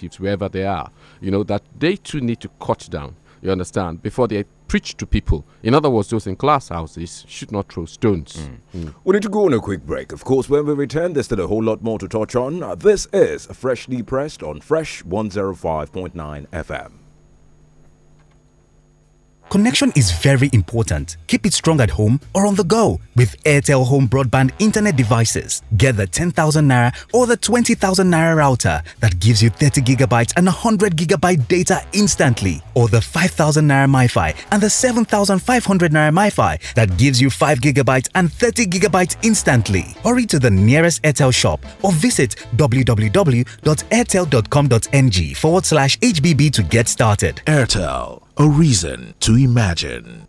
chiefs, wherever they are, you know, that they too need to cut down, you understand, before they preach to people. In other words, those in glass houses should not throw stones. Mm. Mm. We need to go on a quick break. Of course, when we return, there's still a whole lot more to touch on. This is Freshly Pressed on Fresh 105.9 FM. Connection is very important. Keep it strong at home or on the go with Airtel Home Broadband Internet devices. Get the 10,000 Naira or the 20,000 Naira router that gives you 30 gigabytes and 100 gigabyte data instantly, or the 5,000 Naira MiFi and the 7,500 Naira MiFi that gives you 5 gigabytes and 30 gigabytes instantly. Hurry to the nearest Airtel shop or visit www.airtel.com.ng forward slash HBB to get started. Airtel a reason to imagine.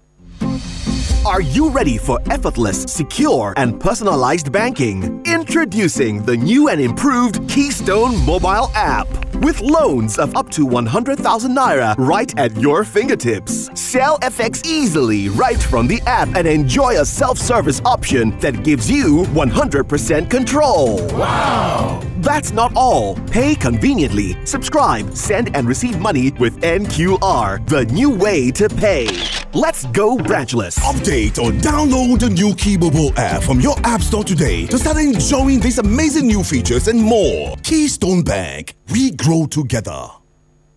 Are you ready for effortless, secure, and personalized banking? Introducing the new and improved Keystone mobile app with loans of up to 100,000 naira right at your fingertips. Sell FX easily right from the app and enjoy a self service option that gives you 100% control. Wow! That's not all. Pay conveniently. Subscribe, send, and receive money with NQR, the new way to pay. Let's go branchless. Update or download the new Keybubble app from your app store today to start enjoying these amazing new features and more. Keystone Bank. We grow together.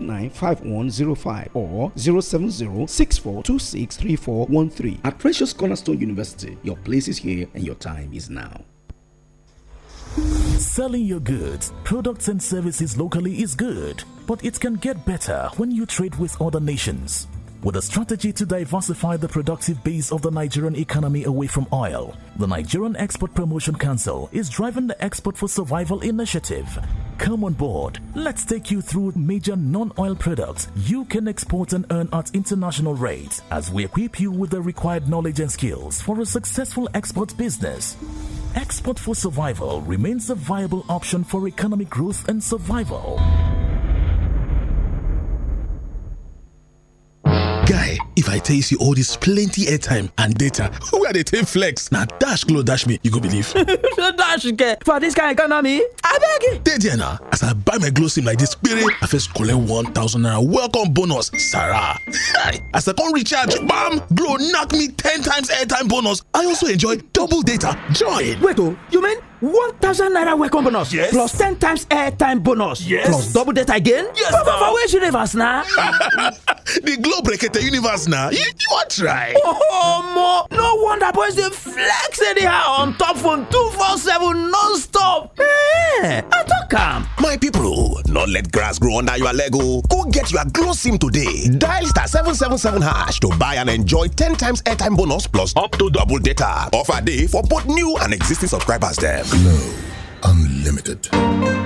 395105 or 070 At Precious Cornerstone University, your place is here and your time is now. Selling your goods, products, and services locally is good, but it can get better when you trade with other nations. With a strategy to diversify the productive base of the Nigerian economy away from oil, the Nigerian Export Promotion Council is driving the Export for Survival initiative. Come on board. Let's take you through major non oil products you can export and earn at international rates as we equip you with the required knowledge and skills for a successful export business. Export for Survival remains a viable option for economic growth and survival. guy if I tell you all this plenty airtime and data, where they take flex? Now dash glow dash me, you go believe. dash get for this kind economy? I beg you. Dey now. As I buy my glow sim like this, spirit, I first collect one thousand naira welcome bonus, Sarah. As I come recharge, bam, glow knock me ten times airtime bonus. I also enjoy double data. Join. Wait oh, you mean? 1000 naira welcome bonus yes plus 10 times airtime bonus yes plus double data again yes for where she live as na the globe brekete universe serious now? You, you want try? Oh, mo, no wonder boys they flex anyhow on top phone 247 non-stop. Hey, eh, I talk calm. My people, not let grass grow under your Lego. Oh. Go get your glow sim today. Dial star seven seven seven hash to buy and enjoy ten times airtime bonus plus up to double data. Offer day for both new and existing subscribers. Them. Glow Unlimited.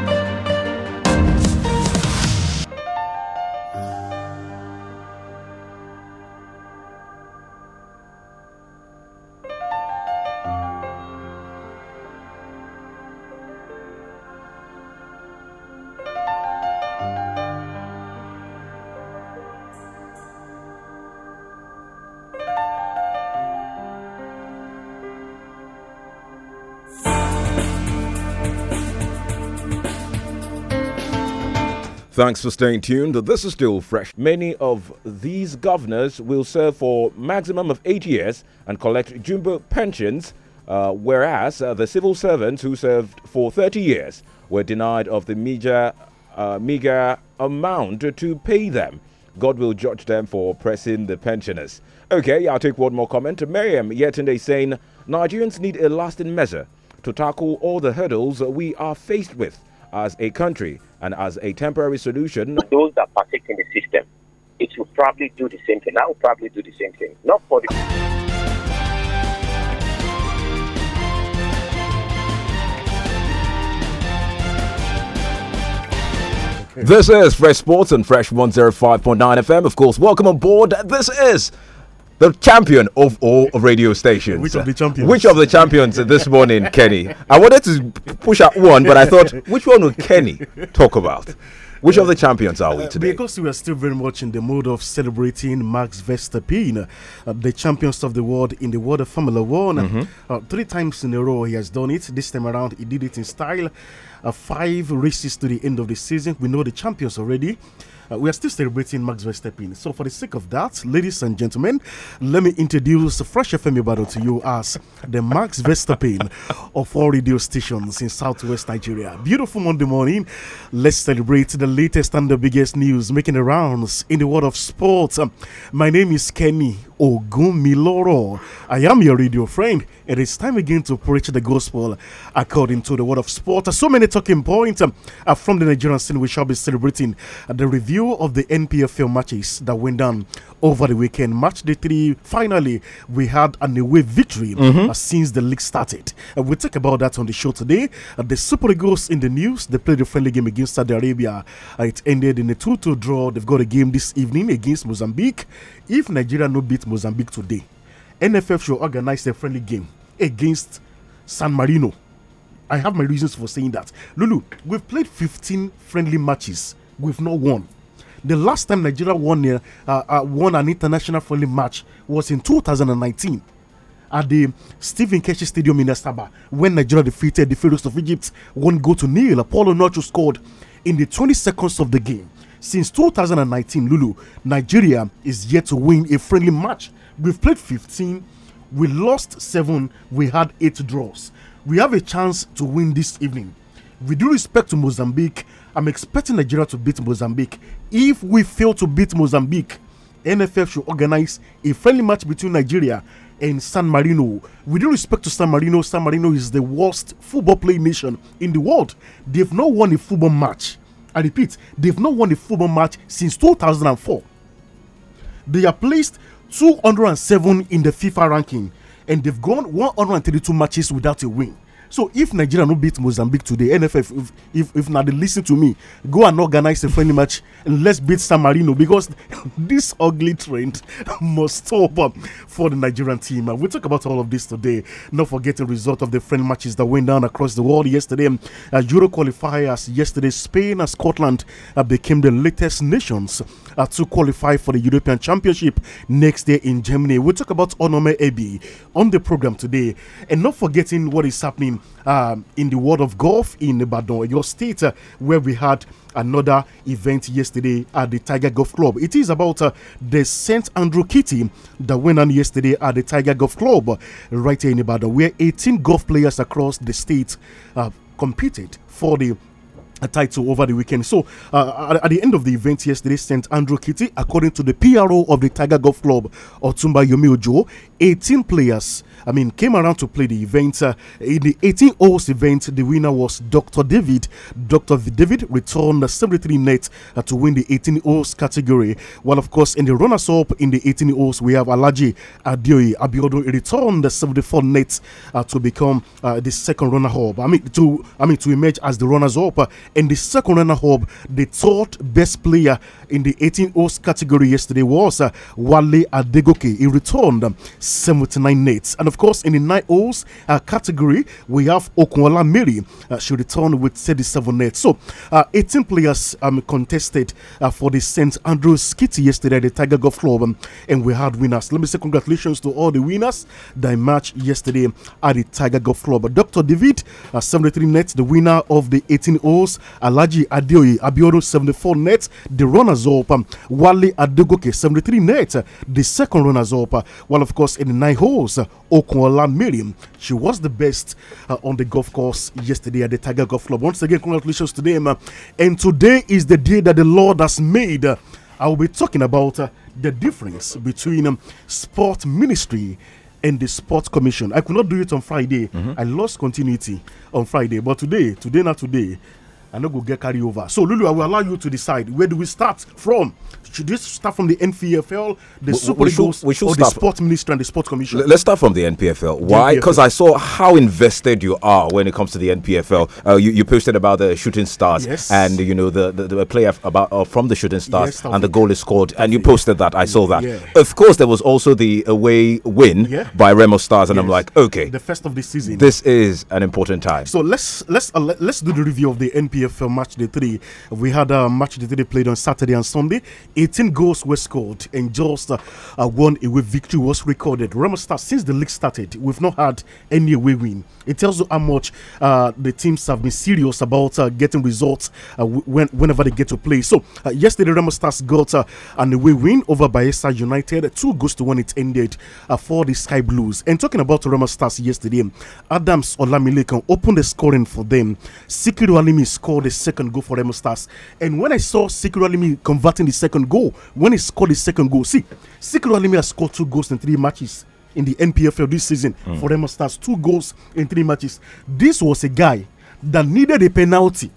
Thanks for staying tuned. This is still fresh. Many of these governors will serve for maximum of eight years and collect jumbo pensions, uh, whereas uh, the civil servants who served for 30 years were denied of the meager, uh, meager amount to pay them. God will judge them for oppressing the pensioners. Okay, I'll take one more comment. Miriam Yetunde saying Nigerians need a lasting measure to tackle all the hurdles we are faced with as a country and as a temporary solution, those that partake in the system, it will probably do the same thing. I will probably do the same thing. Not for the. This is Fresh Sports and Fresh 105.9 FM. Of course, welcome on board. This is the champion of all radio stations. Which of the champions? Which of the champions this morning, Kenny? I wanted to push out one, but I thought, which one would Kenny talk about? Which of the champions are we uh, today? Because we are still very much in the mode of celebrating Max Verstappen, uh, the champions of the world in the world of Formula One. Mm -hmm. uh, three times in a row he has done it. This time around he did it in style. Uh, five races to the end of the season. We know the champions already. Uh, we are still celebrating Max Verstappen. So, for the sake of that, ladies and gentlemen, let me introduce Fresh FM Battle to you as the Max Verstappen of all radio stations in southwest Nigeria. Beautiful Monday morning. Let's celebrate the latest and the biggest news making the rounds in the world of sports. Um, my name is Kenny Ogunmiloro, I am your radio friend. It is time again to preach the gospel according to the word of sport. So many talking points um, from the Nigerian scene. We shall be celebrating the review of the NPFL matches that went down over the weekend. Match day three, finally, we had an away victory mm -hmm. uh, since the league started. Uh, we'll talk about that on the show today. Uh, the Super Eagles in the news, they played a friendly game against Saudi Arabia. Uh, it ended in a 2 2 draw. They've got a game this evening against Mozambique. If Nigeria no beat Mozambique today. NFF should organize a friendly game against San Marino. I have my reasons for saying that. Lulu, we've played 15 friendly matches, we've not won. The last time Nigeria won, uh, uh, won an international friendly match was in 2019 at the Stephen Keshi Stadium in Estaba when Nigeria defeated the Pharaohs of Egypt one goal to nil. Apollo Nacho scored in the 20 seconds of the game. Since 2019, Lulu, Nigeria is yet to win a friendly match. We've played 15, we lost 7, we had 8 draws. We have a chance to win this evening. With due respect to Mozambique, I'm expecting Nigeria to beat Mozambique. If we fail to beat Mozambique, NFF should organize a friendly match between Nigeria and San Marino. With due respect to San Marino, San Marino is the worst football playing nation in the world. They've not won a football match I repeat, they've not won a football match since 2004. They are placed 207 in the FIFA ranking and they've gone 132 matches without a win so if nigeria no beat mozambique today nff if if, if na dey lis ten to me go and organise a friendly match and let's beat san marino because this ugly trend must stop um, for the nigerian team uh, we talk about all of this today not forget the result of the friendly matches that went down across the world yesterday uh, euro qualifiers yesterday spain and scotland uh, became the latest nations uh, to qualify for the European Championship next year in Germany. We'll talk about Onome Ebi on the program today, and not forgetting what is happening um, in the world of golf in Ibadan, your state, uh, where we had another event yesterday at the Tiger Golf Club. It is about uh, the St. Andrew Kitty that went on yesterday at the Tiger Golf Club right here in Ibadan, where 18 golf players across the state uh, competed for the a title over the weekend. So, uh, at, at, the end of the event yesterday, St. Andrew Kitty, according to the PRO of the Tiger Golf Club, Otumba Yomi Ojo, 18 players I mean, came around to play the event. Uh, in the 18 holes event, the winner was Dr. David. Dr. David returned 73 nets uh, to win the 18 holes category. While, of course, in the runners up in the 18 holes, we have Alaji Adioye Abiodun returned 74 nets uh, to become uh, the second runner up. I mean, to I mean to emerge as the runners up uh, in the second runner up. The third best player in the 18 holes category yesterday was uh, Wale Adegoke. He returned 79 nets. And of course, in the nine holes uh, category, we have Okunola Miri. Uh, she returned with 37 nets. So, uh, 18 players um, contested uh, for the St. Andrews Kitty yesterday at the Tiger Golf Club, um, and we had winners. Let me say congratulations to all the winners that matched yesterday at the Tiger Golf Club. Dr. David, uh, 73 nets, the winner of the 18 holes. Alaji Adeoye Abiodun, 74 nets, the runners up. Um, Wale Adegoke, 73 nets, the second runners up. While, of course, in the nine holes, uh, Okunla Miriam. She was the best uh, on the golf course yesterday at the Tiger Golf Club. Once again, congratulations to them. and today is the day that the Lord has made. I will be talking about uh, the difference between um, sport ministry and the sports commission. I could not do it on Friday. Mm -hmm. I lost continuity on Friday, but today, today not today, I no go get carry over. So Lulu, I will allow you to decide. Where do we start from? Should we start from the NPFL, the we, Super we Eagles, we should or the Sports Minister and the Sports Commission? Let's start from the NPFL. Why? Because I saw how invested you are when it comes to the NPFL. Uh, you, you posted about the shooting stars yes. and you know the, the, the player about uh, from the shooting stars yes, and the goal is scored, and you posted that. I saw that. Yeah. Of course, there was also the away win yeah. by Remo Stars, and yes. I'm like, okay, the first of the season. This is an important time. So let's let's uh, let's do the review of the NPFL. PFL uh, Match Day 3. We had a uh, Match Day 3 played on Saturday and Sunday. 18 goals were scored and just uh, uh, one away victory was recorded. Remo Stars, since the league started, we've not had any away win. It tells you how much uh, the teams have been serious about uh, getting results uh, when, whenever they get to play. So, yesterday, Remo Stars got an away win over Bayesa United. Two goals to one it ended for the Sky Blues. And talking about Remo Stars yesterday, Adams Olamilekan opened the scoring for them. Sikiru Alimi scored scored the second goal for the Stars. And when I saw Sikiro Alimi converting the second goal, when he scored the second goal, see, Sikiro Alimi has scored two goals in three matches in the NPFL this season mm. for the Stars. Two goals in three matches. This was a guy that needed a penalty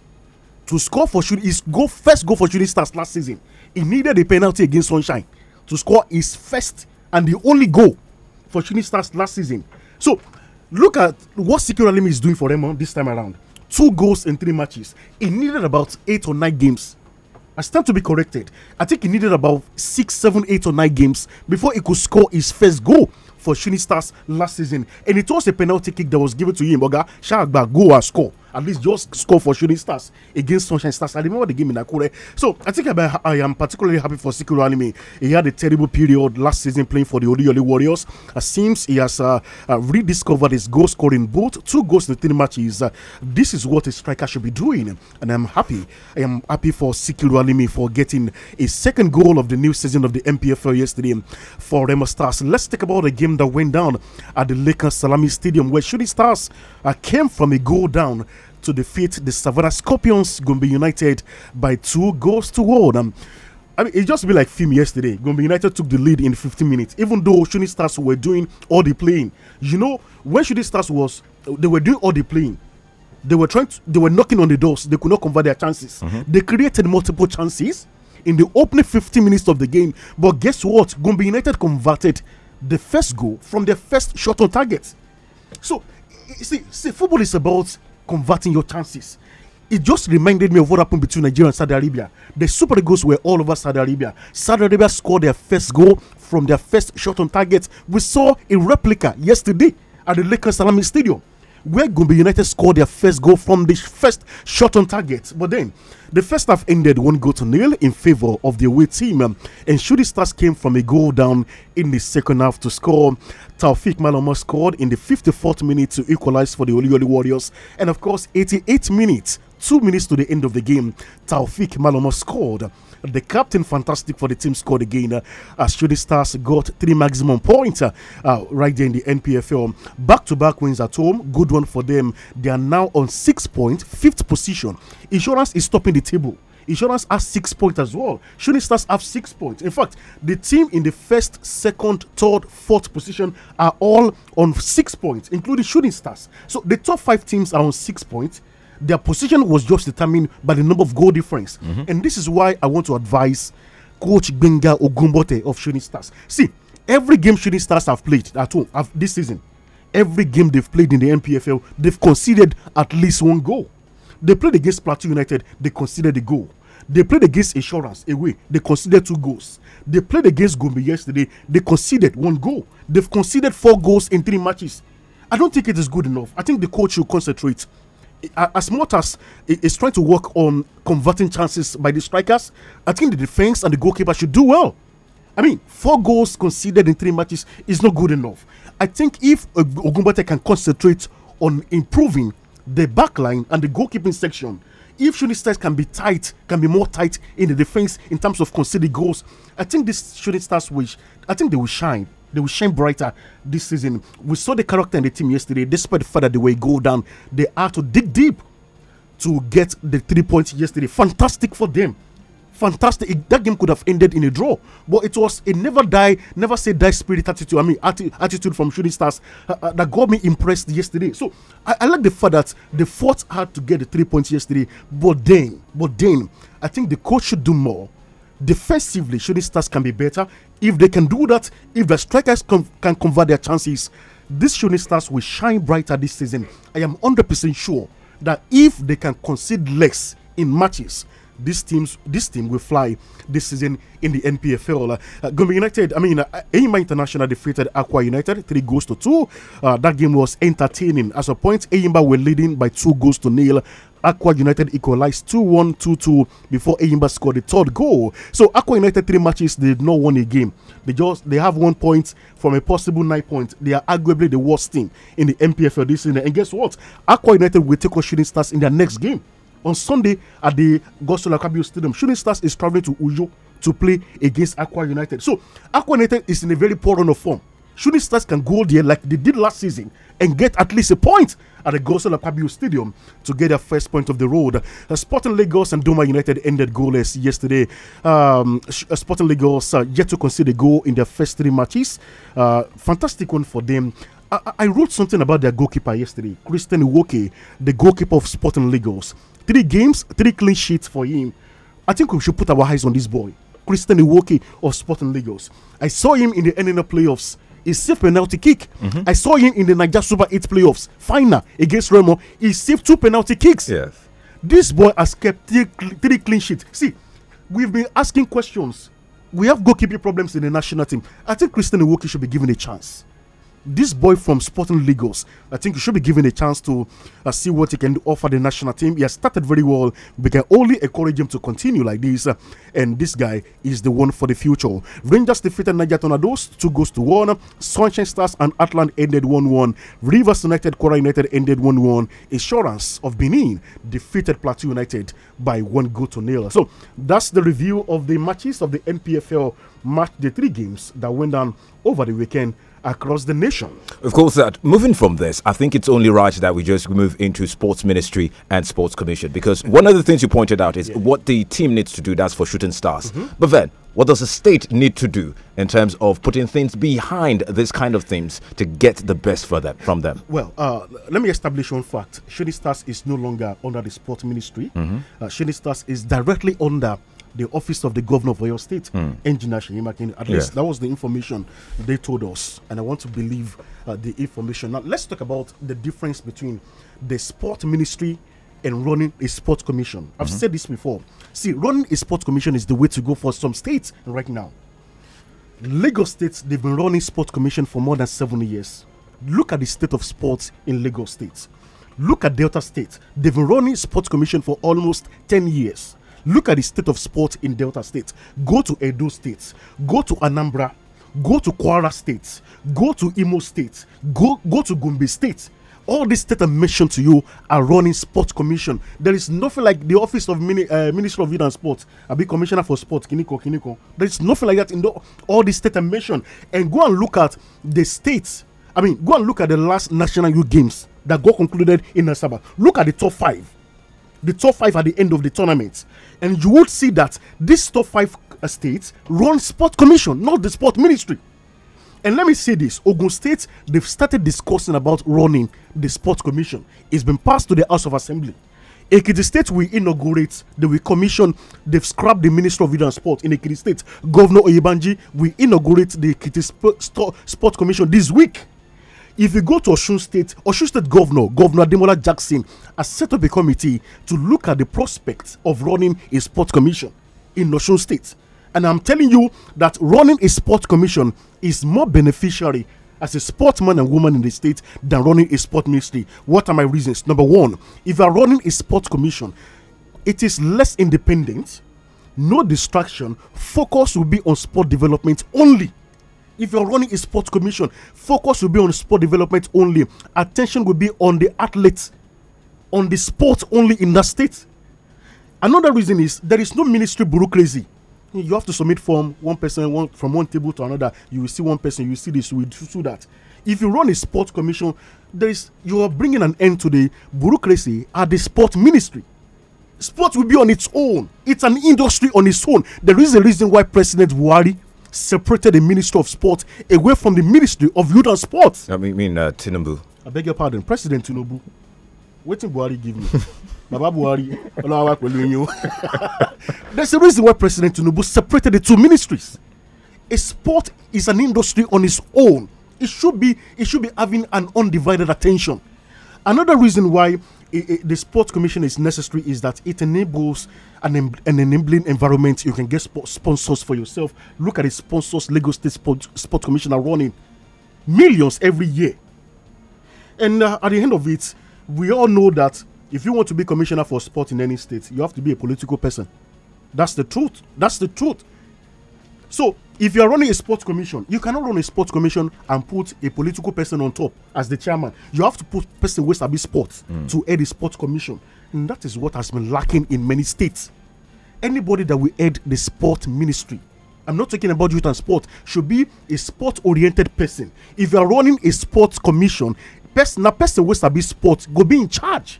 to score for shooting his goal, first goal for shooting stars last season. He needed a penalty against Sunshine to score his first and the only goal for shooting stars last season. So look at what Sikiro Alimi is doing for them this time around two goals in three matches. He needed about eight or nine games. I stand to be corrected. I think he needed about six, seven, eight, or nine games before he could score his first goal for Shooting Stars last season. And it was a penalty kick that was given to him. Oga, Shagba, go and score at least just score for Shooting Stars against Sunshine Stars. I remember the game in Akure. So I think I, I am particularly happy for Sikuru Anime. He had a terrible period last season playing for the Odiyole Warriors. It seems he has uh, uh, rediscovered his goal scoring both two goals in three matches. Uh, this is what a striker should be doing, and I'm happy. I am happy for Sikuru Anime for getting a second goal of the new season of the MPFL yesterday for Remo Stars. Let's talk about the game that went down at the Lakers Salami Stadium where Shooting Stars uh, came from a goal down to defeat the Savannah Scorpions. Gombe United by two goals to one. Um, I mean, it just be like film yesterday. Gombe United took the lead in 15 minutes, even though Shuni Stars were doing all the playing. You know, when Shuni Stars was, they were doing all the playing. They were trying, to, they were knocking on the doors. They could not convert their chances. Mm -hmm. They created multiple chances in the opening 15 minutes of the game. But guess what? Gombe United converted the first goal from their first shot on target. So, see, see, football is about converting your chances. It just reminded me of what happened between Nigeria and Saudi Arabia. The Super Eagles were all over Saudi Arabia. Saudi Arabia scored their first goal from their first shot on target. We saw a replica yesterday at the Lakers Salami Stadium where Gombe United scored their first goal from the first shot on target. But then, the first half ended one goal to nil in favor of the away team, um, and Shooting Stars came from a goal down in the second half to score. Taufik Maloma scored in the 54th minute to equalize for the Olioli Warriors, and of course, 88 minutes, two minutes to the end of the game, Taufik Maloma scored the captain, fantastic for the team, scored again uh, as Shooting Stars got three maximum points uh, uh right there in the NPFL. Back to back wins at home, good one for them. They are now on six points, fifth position. Insurance is topping the table. Insurance has six points as well. Shooting Stars have six points. In fact, the team in the first, second, third, fourth position are all on six points, including Shooting Stars. So the top five teams are on six points. Their position was just determined by the number of goal difference. Mm -hmm. And this is why I want to advise Coach Benga Ogumbote of Shooting Stars. See, every game Shooting Stars have played at home this season, every game they've played in the NPFL, they've conceded at least one goal. They played against Plateau United, they conceded a goal. They played against Insurance away, they conceded two goals. They played against Gombe yesterday, they conceded one goal. They've conceded four goals in three matches. I don't think it is good enough. I think the coach should concentrate as much as is trying to work on converting chances by the strikers, I think the defense and the goalkeeper should do well. I mean, four goals conceded in three matches is not good enough. I think if Ogunbate can concentrate on improving the backline and the goalkeeping section, if shooting stars can be tight, can be more tight in the defense in terms of conceding goals, I think this shooting stars will, I think they will shine they will shine brighter this season. We saw the character in the team yesterday, despite the fact that they were go down, they had to dig deep to get the three points yesterday. Fantastic for them. Fantastic. that game could have ended in a draw, but it was a never die, never say die spirit attitude. I mean, atti attitude from shooting stars uh, uh, that got me impressed yesterday. So I, I like the fact that they fought hard to get the three points yesterday, but then, but then, I think the coach should do more defensively shooting stars can be better if they can do that, if the strikers can, can convert their chances, this shooting stars will shine brighter this season. I am 100% sure that if they can concede less in matches, teams, this team will fly this season in the NPFL. Uh, United, I mean, uh, Aima International defeated Aqua United three goals to two. Uh, that game was entertaining. As a point, Aimba were leading by two goals to nil Aqua United equalized 2 1 2 2 before Eyimba scored the third goal. So Aqua United, three matches, they did not won a game. They just they have one point from a possible nine points. They are arguably the worst team in the MPFL this season. And guess what? Aqua United will take on Shooting Stars in their next game on Sunday at the Gosola Cabio Stadium. Shooting Stars is traveling to Ujo to play against Aqua United. So Aqua United is in a very poor run of form. Shooting Stars can go there like they did last season and get at least a point at the Gosel Akpabio Stadium to get their first point of the road. Uh, Sporting Lagos and Duma United ended goalless yesterday. Um, uh, Sporting Lagos uh, yet to concede a goal in their first three matches. Uh, fantastic one for them. I, I wrote something about their goalkeeper yesterday, Christian Iwoke, the goalkeeper of Sporting Lagos. Three games, three clean sheets for him. I think we should put our eyes on this boy, Christian Iwoke of Sporting Lagos. I saw him in the NNL playoffs he saved penalty kick. Mm -hmm. I saw him in the Niger Super 8 playoffs final against Remo. He saved two penalty kicks. Yes. This boy has kept three, three clean sheets. See, we've been asking questions. We have goalkeeping problems in the national team. I think Christian Iwoki should be given a chance this boy from Sporting Lagos, I think you should be given a chance to uh, see what he can offer the national team. He has started very well. We can only encourage him to continue like this. Uh, and this guy is the one for the future. Rangers defeated Niger Tornadoes, two goals to one. Sunshine Stars and Atlant ended 1 1. Rivers United, Kora United ended 1 1. Assurance of Benin defeated Plateau United by one goal to nil. So that's the review of the matches of the NPFL match, the three games that went down over the weekend across the nation. Of course, that moving from this, I think it's only right that we just move into sports ministry and sports commission because one of the things you pointed out is yeah. what the team needs to do. That's for shooting stars. Mm -hmm. But then, what does the state need to do in terms of putting things behind this kind of things to get the best for them from them? Well, uh, let me establish one fact: Shooting Stars is no longer under the sports ministry. Mm -hmm. uh, Shooting Stars is directly under the office of the governor of your State, mm. Engineer Shinyimakin. At yeah. least that was the information they told us, and I want to believe uh, the information. Now, let's talk about the difference between the sport ministry and running a sports commission. I've mm -hmm. said this before. See, running a sports commission is the way to go for some states right now. Lagos states they've been running sports commission for more than seven years. Look at the state of sports in Lagos State. Look at Delta State. They've been running sports commission for almost 10 years. Look at the state of sports in Delta State. Go to Edo State. Go to Anambra. Go to Kwara State. Go to Imo State. Go go to Gombe State all these states I mentioned to you are running sports commission. There is nothing like the office of mini, uh, Minister of Youth and Sports. i big be commissioner for sports, Kiniko Kiniko. There is nothing like that in the, all these states I mentioned. And go and look at the states. I mean, go and look at the last national youth games that got concluded in Nasaba. Look at the top five the top five at the end of the tournament. And you would see that these top five uh, states run sport commission, not the sport ministry. And let me say this Ogun State, they've started discussing about running the sport commission. It's been passed to the House of Assembly. Ekiti State will inaugurate, they will commission, they've scrapped the Minister of Youth and Sport in Ekiti State. Governor Oyebanji will inaugurate the Ekiti Sp Sport Commission this week. If you go to Osun State, Osun State Governor, Governor Demola Jackson, has set up a committee to look at the prospect of running a sports commission in Osun State. And I'm telling you that running a sports commission is more beneficiary as a sportsman and woman in the state than running a sport ministry. What are my reasons? Number one, if you are running a sport commission, it is less independent, no distraction, focus will be on sport development only if you're running a sports commission, focus will be on sport development only. Attention will be on the athlete, on the sport only in that state. Another reason is there is no ministry bureaucracy. You have to submit form one person one from one table to another. You will see one person, you will see this, you will do that. If you run a sports commission, there is you are bringing an end to the bureaucracy at the sport ministry sport will be on its own. It's an industry on its own. There is a reason why President Wari separated the Minister of Sport away from the Ministry of Youth and Sports. I mean, mean uh, Tinubu. I beg your pardon, President Tinubu. Wetin Buhari give me? Baba Buhari, Olawa pẹ̀lú There's a reason why President Tinubu separated the two ministries. A sport is an industry on its own. It should be it should be having an undivided attention. Another reason why the sports commission is necessary is that it enables an, an enabling environment. You can get sport sponsors for yourself. Look at the sponsors Lagos State Sport, sport Commissioner running millions every year. And uh, at the end of it, we all know that if you want to be commissioner for sport in any state, you have to be a political person. That's the truth. That's the truth. So if you are running a sports commission, you cannot run a sports commission and put a political person on top as the chairman. You have to put person with sabi sports mm. to head a sports commission, and that is what has been lacking in many states. Anybody that will head the sport ministry, I'm not talking about youth and sport, should be a sport-oriented person. If you are running a sports commission, person, a person with sabi sports go be in charge.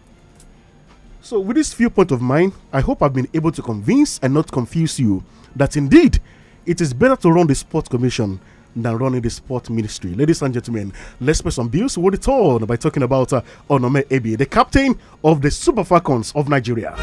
So with this viewpoint of mine, I hope I've been able to convince and not confuse you that indeed it is better to run the sports commission than running the sports ministry. Ladies and gentlemen, let's pay some bills with it all by talking about uh, Onome Ebi, the captain of the Super Falcons of Nigeria.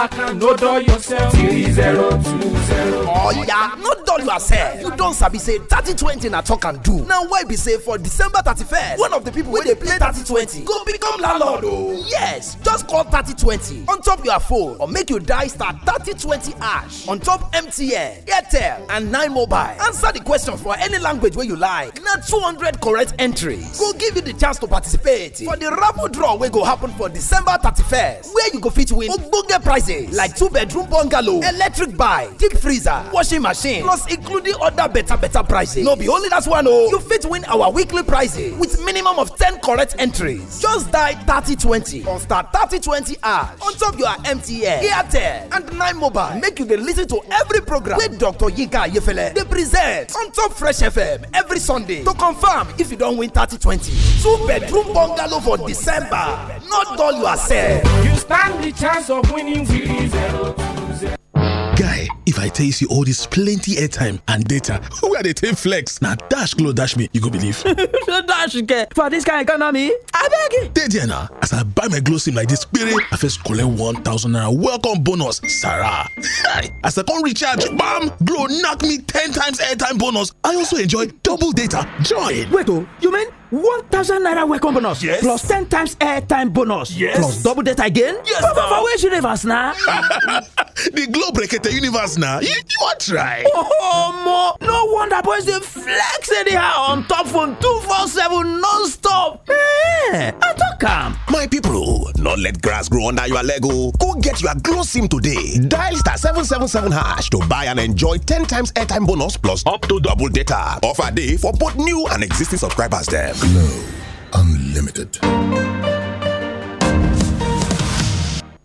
lacquer no dull yourself. three zero two zero. oya no dull yourself you don sabi say thirty twenty na talk and do Now why be say for december thirty first one of the people wey dey play thirty twenty go become landlord o. Oh? yes just call thirty twenty on top your phone or make you die start thirty twenty ash on top mtn airtel and nine mobile answer the question for any language wey you like na two hundred correct entries go give you the chance to participate for the raffle draw wey go happen for december thirty first where you go fit win ogbonge prizes packages like two bedroom bungalow electric bike deep freezer washing machine plus including other better better prices no be only that one o oh. you fit win our weekly prizes with minimum of ten correct entries just die thirty twenty on star thirty twenty hours on top your mtn airtel and nine mobile make you dey lis ten to every program wey dr yinka ayefele dey present on top fresh fm every sunday to confirm if you don win thirty twenty two bedroom bungalow for december. not dull yourself. You stand the chance of winning with 0 Guy, if I tell you all this plenty airtime and data, Who are they Ten flex? Now dash glow dash me, you go believe. dash get for this kind economy. I beg you. Dead now, as I buy my glow sim like this, spirit, I first collect one thousand naira welcome bonus, Sarah. as I come recharge, bam, glow knock me ten times airtime bonus. I also enjoy double data. Join. Wait, oh, you mean One thousand naira welcome bonus yes plus ten times airtime bonus yes plus double data again yes papa for which universe na the globe rekete universe na you wan try oh mo no wonder boys dey flex anyhow on top phone two four seven non-stop ehn i tok am my people, no let grass grow under your leg o oh. go get your glow sim today dial star seven seven seven hash to buy and enjoy ten times airtime bonus plus up to double data offer dey for both new and existing subscribers dem Glow Unlimited.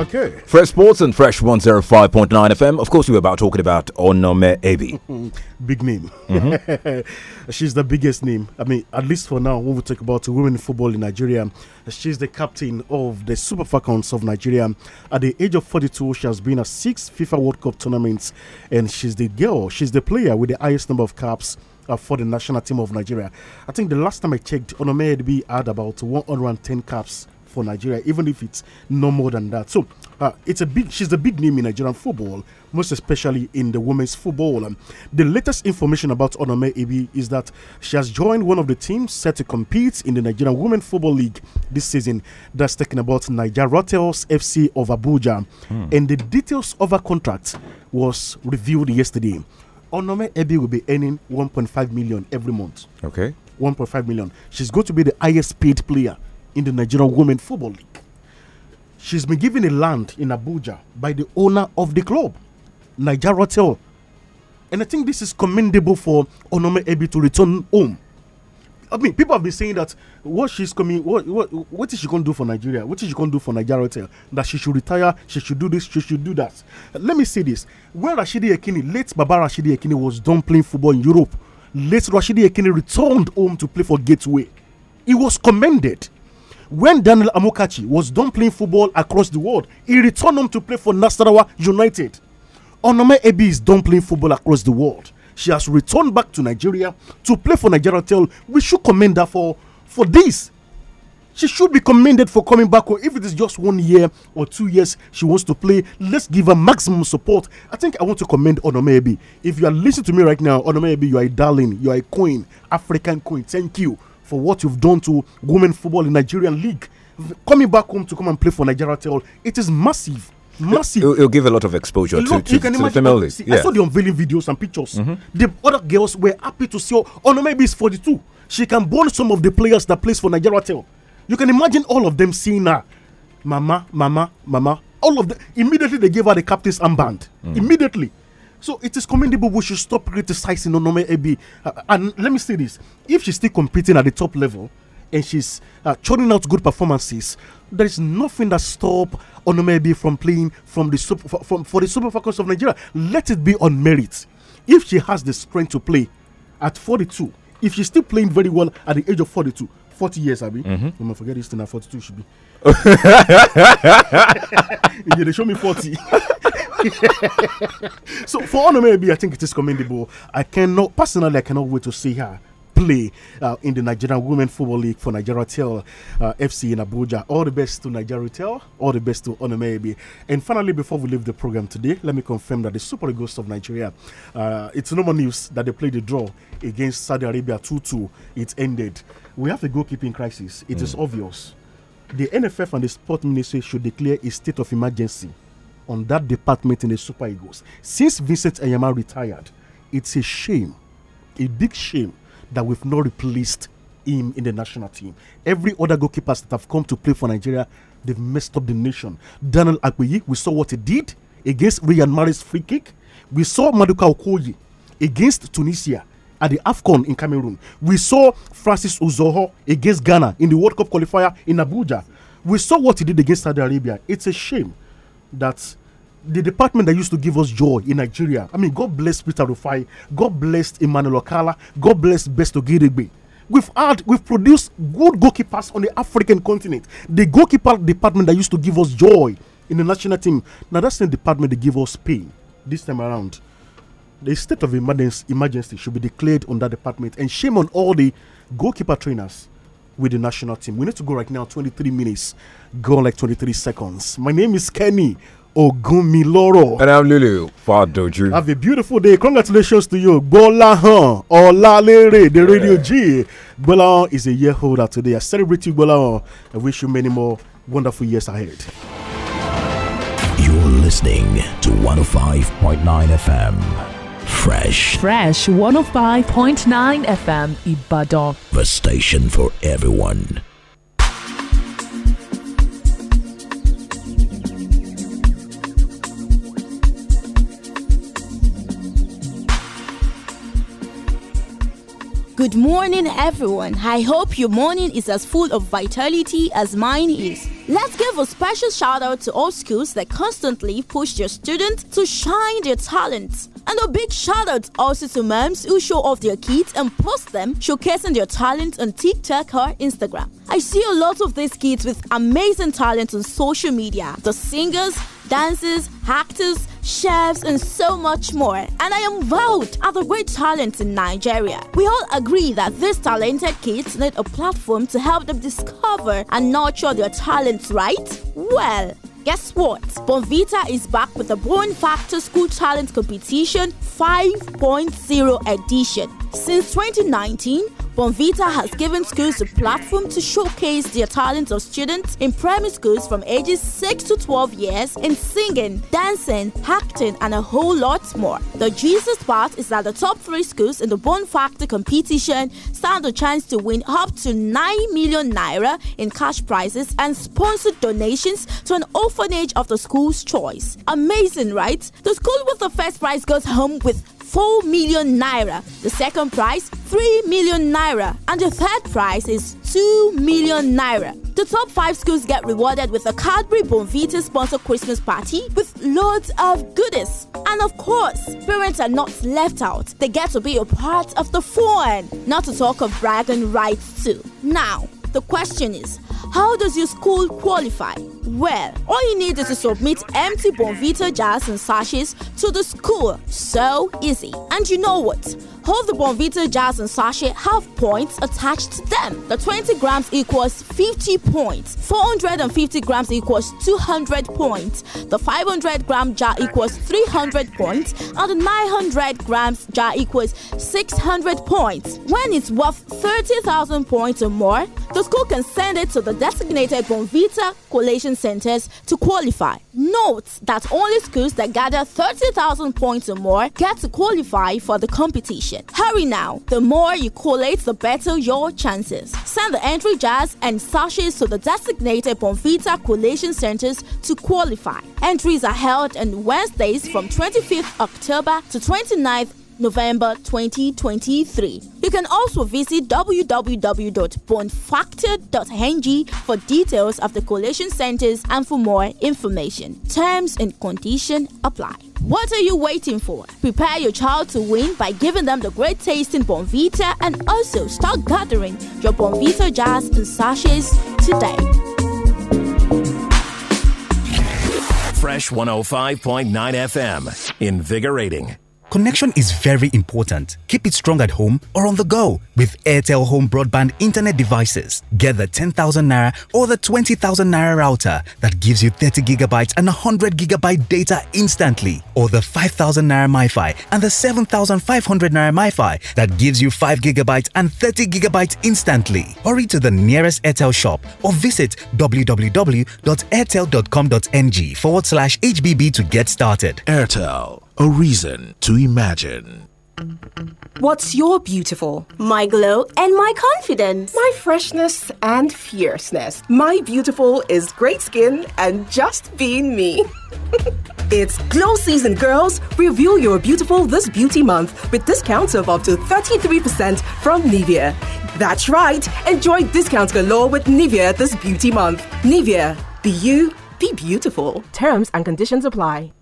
Okay. Fresh Sports and Fresh 105.9 FM. Of course, we were about talking about Onome Ebi. Big name. Mm -hmm. she's the biggest name. I mean, at least for now, when we talk about women football in Nigeria, she's the captain of the Super Falcons of Nigeria. At the age of 42, she has been at six FIFA World Cup tournaments, and she's the girl, she's the player with the highest number of caps uh, for the national team of Nigeria. I think the last time I checked, Onome Edbi had about 110 caps for Nigeria, even if it's no more than that. So uh, it's a big. She's a big name in Nigerian football, most especially in the women's football. Um, the latest information about Onome Ebi is that she has joined one of the teams set to compete in the Nigerian Women Football League this season. That's talking about Niger Rotels FC of Abuja, mm. and the details of her contract was revealed yesterday. Onome Ebi will be earning 1.5 million every month. Okay. 1.5 million. She's going to be the highest paid player in the Nigerian Women Football League. She's been given a land in Abuja by the owner of the club, Niger Hotel. And I think this is commendable for Onome Ebi to return home. I mean, people have been saying that what she's coming, what what what is she going to do for Nigeria? What is she going to do for Nigeria Hotel? That she should retire, she should do this, she should do that. Let me say this: when Rashidi Ekini, late Baba Rashidi Ekini, was done playing football in Europe, late Rashidi Ekini returned home to play for Gateway. He was commended when Daniel Amokachi was done playing football across the world, he returned home to play for Nasarawa United. Onome Ebi is done playing football across the world. She has returned back to Nigeria to play for Nigeria Tell. We should commend her for, for this. She should be commended for coming back, or oh, if it is just one year or two years she wants to play, let's give her maximum support. I think I want to commend Onome Ebi. If you are listening to me right now, Onome Ebi, you are a darling, you are a queen, African queen. Thank you for what you've done to women football in Nigerian league. Coming back home to come and play for Nigeria Tell, it is massive massive. It'll, it'll, give a lot of exposure to, to, you can to imagine, the female see, yeah. I saw the unveiling videos and pictures. Mm -hmm. The other girls were happy to see her. Oh, oh, no, maybe it's 42. She can bond some of the players that plays for Nigeria Tell. You can imagine all of them seeing her. Mama, mama, mama. All of them. Immediately they gave her the captain's armband. Mm. Immediately. So it is commendable. We should stop criticizing Onome Ebi. Uh, and let me say this: if she's still competing at the top level, and she's uh, churning out good performances, there is nothing that stop Onome Ebi from playing from the super, for, from, for the Super Falcons of Nigeria. Let it be on merit. If she has the strength to play at 42, if she's still playing very well at the age of 42, 40 years, I mean, mm -hmm. I'm forget this thing at 42 should be yeah, they show me 40. so for Honor maybe I think it is commendable. I cannot personally I cannot wait to see her play uh, in the Nigerian Women Football League for Nigeria Tel uh, FC in Abuja. All the best to Nigeria Tel, all the best to Onomebe. And finally, before we leave the program today, let me confirm that the Super Eagles of Nigeria, uh, it's more news that they played a draw against Saudi Arabia 2 2. It ended. We have a goalkeeping crisis. It mm. is obvious the NFF and the Sport Ministry should declare a state of emergency on that department in the Super Eagles. Since Vincent Ayama retired, it's a shame, a big shame, that we've not replaced him in the national team. Every other goalkeepers that have come to play for Nigeria, they've messed up the nation. Daniel Akweyi, we saw what he did against Ryan Maris free kick. We saw Maduka Okoye against Tunisia at the AFCON in Cameroon. We saw Francis Uzoho against Ghana in the World Cup qualifier in Abuja. We saw what he did against Saudi Arabia. It's a shame that the department that used to give us joy in Nigeria. I mean, God bless Peter Rufai, God bless Emmanuel Okala, God bless Besto Girigbe. We've had, we've produced good goalkeepers on the African continent. The goalkeeper department that used to give us joy in the national team, now that's the department that give us pain this time around the state of emergency, emergency should be declared on that department. And shame on all the goalkeeper trainers with the national team. We need to go right now, 23 minutes, go like 23 seconds. My name is Kenny Ogumiloro. And I'm Lulu Fadoju. Have a beautiful day. Congratulations to you. Ola Olalere, the yeah. Radio G. Bola is a year holder today. I celebrate you, Gbolahan. I wish you many more wonderful years ahead. You're listening to 105.9 FM. Fresh. Fresh 105.9 FM Ibadan. The station for everyone. Good morning, everyone. I hope your morning is as full of vitality as mine is. Let's give a special shout out to all schools that constantly push their students to shine their talents. And a big shout out also to moms who show off their kids and post them showcasing their talent on TikTok or Instagram. I see a lot of these kids with amazing talent on social media. The singers, dancers, actors, chefs, and so much more. And I am vowed at the great talents in Nigeria. We all agree that these talented kids need a platform to help them discover and nurture their talents, right? Well, Guess what? Bonvita is back with the Born Factor School Talent Competition 5.0 edition. Since 2019, Bonvita has given schools a platform to showcase their talents of students in primary schools from ages 6 to 12 years in singing, dancing, acting, and a whole lot more. The Jesus part is that the top three schools in the Bon Factor competition stand a chance to win up to 9 million naira in cash prizes and sponsored donations to an orphanage of the school's choice. Amazing, right? The school with the first prize goes home with 4 million naira. The second prize, 3 million naira. And the third prize is 2 million naira. The top five schools get rewarded with a Cadbury Bonvita sponsored Christmas party with loads of goodies. And of course, parents are not left out. They get to be a part of the fun, not to talk of bragging rights too. Now, the question is, how does your school qualify? Well, all you need is to submit empty Bonvita jars and sachets to the school. So easy. And you know what? All the Bonvita jars and sachets have points attached to them. The 20 grams equals 50 points. 450 grams equals 200 points. The 500 gram jar equals 300 points. And the 900 grams jar equals 600 points. When it's worth 30,000 points or more, the school can send it to the designated Bonvita collation centers to qualify. Note that only schools that gather 30,000 points or more get to qualify for the competition. Hurry now, the more you collate, the better your chances. Send the entry jars and sachets to the designated Bonfita collation centers to qualify. Entries are held on Wednesdays from 25th October to 29th November 2023. You can also visit www.bondfactor.ng for details of the collation centers and for more information. Terms and condition apply. What are you waiting for? Prepare your child to win by giving them the great tasting Bonvita and also start gathering your Bonvita jars and sachets today. Fresh 105.9 FM. Invigorating. Connection is very important. Keep it strong at home or on the go with Airtel Home Broadband Internet devices. Get the 10,000 Naira or the 20,000 Naira router that gives you 30 gigabytes and 100 gigabyte data instantly, or the 5,000 Naira MiFi and the 7,500 Naira MiFi that gives you 5 gigabytes and 30 gigabytes instantly. Hurry to the nearest Airtel shop or visit www.airtel.com.ng forward slash HBB to get started. Airtel a reason to imagine. What's your beautiful? My glow and my confidence. My freshness and fierceness. My beautiful is great skin and just being me. it's glow season, girls. Review your beautiful this beauty month with discounts of up to 33% from Nivea. That's right. Enjoy discounts galore with Nivea this beauty month. Nivea, be you, be beautiful. Terms and conditions apply.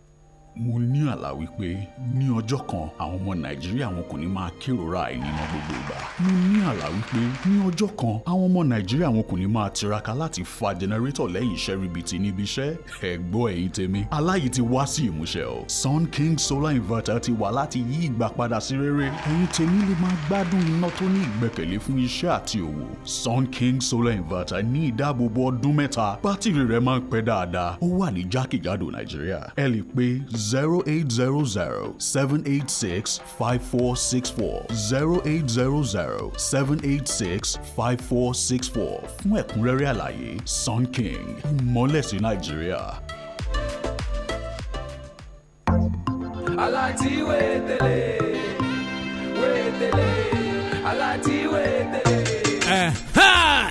mo ní àlá wípé ní ọjọ́ kan àwọn ọmọ nàìjíríà wọn kò ní máa kérora àìníná gbogbo ìgbà. mo ní àlá wípé ní ọjọ́ kan àwọn ọmọ nàìjíríà wọn kò ní máa tiraka láti fa jẹnẹrétọ̀ lẹ́yìn iṣẹ́ ribiti níbi iṣẹ́ ẹ̀gbọ́ ẹ̀yìn tèmi. aláyìí ti wá sí ìmúṣẹ o Sun King solar inverter ti wà láti yí ìgbà padà sí rere ẹ̀yìn tèmi lè máa gbádùn iná tó ní ìgbẹ́kẹ̀lé fún iṣẹ́ àti òwò Sun King solar inverter ní ìdáàbòbò ọdún mẹ́ta bátìrì rẹ̀ máa ń pẹ́ dáadáa ó wà ní jákèjádò nàìjíríà ẹ lè pe z 0800 786 5464 0800 786 5464 fún ẹ̀kúnrẹ́rẹ́ àlàyé Sun King ìmọ́lẹ̀ sí Nàìjíríà. aláti wé tẹ́lẹ̀ wé tẹ́lẹ̀ aláti.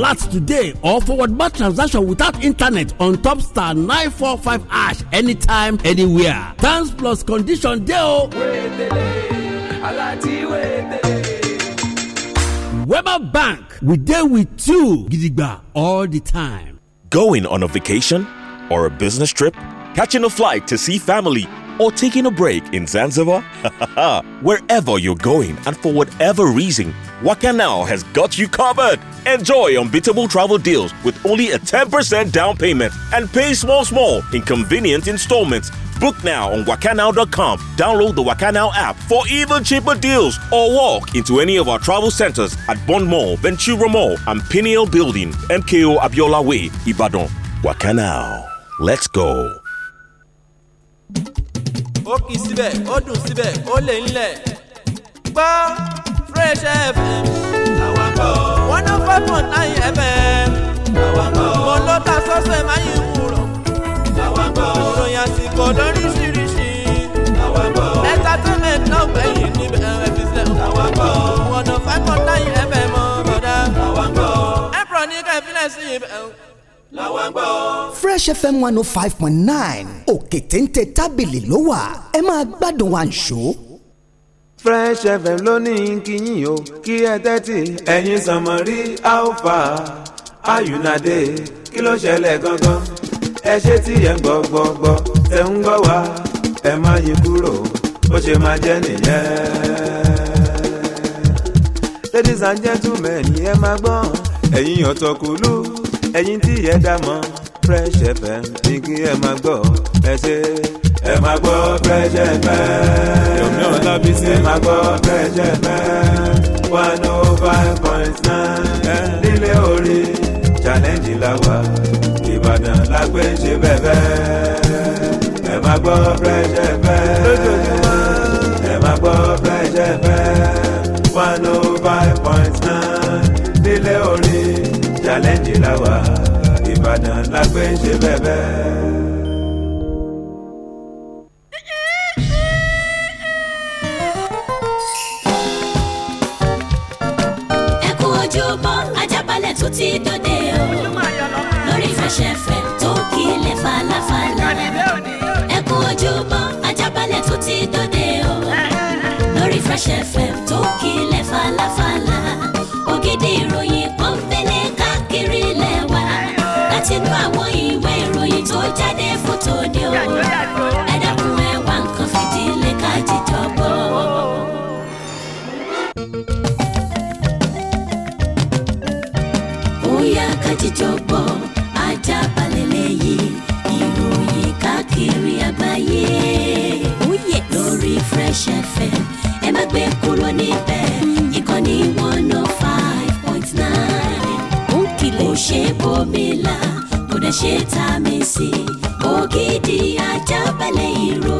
alert today or forward bar transaction without internet on top star 945 ash anytime anywhere thanks plus condition dey o. weber bank we deal with you gidigba all the time. going on a vacation or a business trip catching a flight to see family or taking a break in Zanzibar? Wherever you're going and for whatever reason, Waka Now has got you covered. Enjoy unbeatable travel deals with only a 10% down payment and pay small, small in convenient installments. Book now on wakanow.com. Download the Wakanow app for even cheaper deals or walk into any of our travel centers at Bond Mall, Ventura Mall, and Pineal Building, MKO Abiola Way, Ibadan. Wakanow. Let's go. ó kì í síbẹ̀ ó dùn síbẹ̀ ó lè ńlẹ̀. gbọ́ fresh fm àwàkọ́ one oh five point nine fm àwàkọ́ mo ló ta sọ́sẹ̀ máa yín wúrọ̀ àwàkọ́ ìròyìn àsìkò lóríṣiríṣi àwàkọ́ entertainment náà gbẹ̀yìn níbẹ̀ ẹ̀ fi sílẹ̀ àwàkọ́ one oh five point nine fm ọ̀dà àwàkọ́ ẹ̀pọ̀ ní kẹ́fílẹ̀ sí ibẹ̀ làwọn gbọ́. Fresh FM one oh five point nine òkè téńté tábìlì ló wà ẹ máa gbádùn àǹṣó. Fresh FM ló ní kíyìn o kí ẹ tẹ́tì ẹ̀yin sànmọ́ rí alpha ayùnádé kí ló ṣẹlẹ̀ gangan ẹ ṣe tí ẹ ń gbọ́ gbọ́ gbọ́ ẹ ń gbọ́ wá ẹ má yí kúrò bó ṣe máa jẹ́ nìyẹn. ladies and gentlemen ẹ máa gbọ́n ẹ̀yin ọ̀tọ̀kùlú ẹ̀yin tí ẹ dá mọ̀ Fresh FM ní kí ẹ máa gbọ́ ẹ ṣe. ẹ máa gbọ́ Fresh FM. yomi ọlábí sí. ẹ máa gbọ́ Fresh FM. one oh five point nine. Eh. nílé orí challenge la wà Ìbàdàn la gbé ṣe bẹ́ẹ̀ ẹ máa gbọ́ Fresh FM. ẹ máa gbọ́ Fresh FM. challenge la wà Ìbàdàn la gbé ṣe bẹ́ẹ̀ ẹ ti dòde o lórí Fresh FM tó kílẹ̀ falafala ẹ kú ojúmọ́ Ajaabale tó ti dòde o lórí Fresh FM tó kílẹ̀ falafala. sínú àwọn ìwé ìròyìn tó jáde fún tòde o ẹ dákun ẹ wá nǹkan fìdílé ká jíjọ bóyá ká jíjọ ajá balẹ̀ lẹ́yìn ìròyìn káàkiri àgbáyé oh, lórí Fresh FM ẹ má gbé kúrò níbẹ̀. bòmílà kò dẹ̀ ṣe tá a mi sí ògidì ajábalẹ̀ ìròyìn.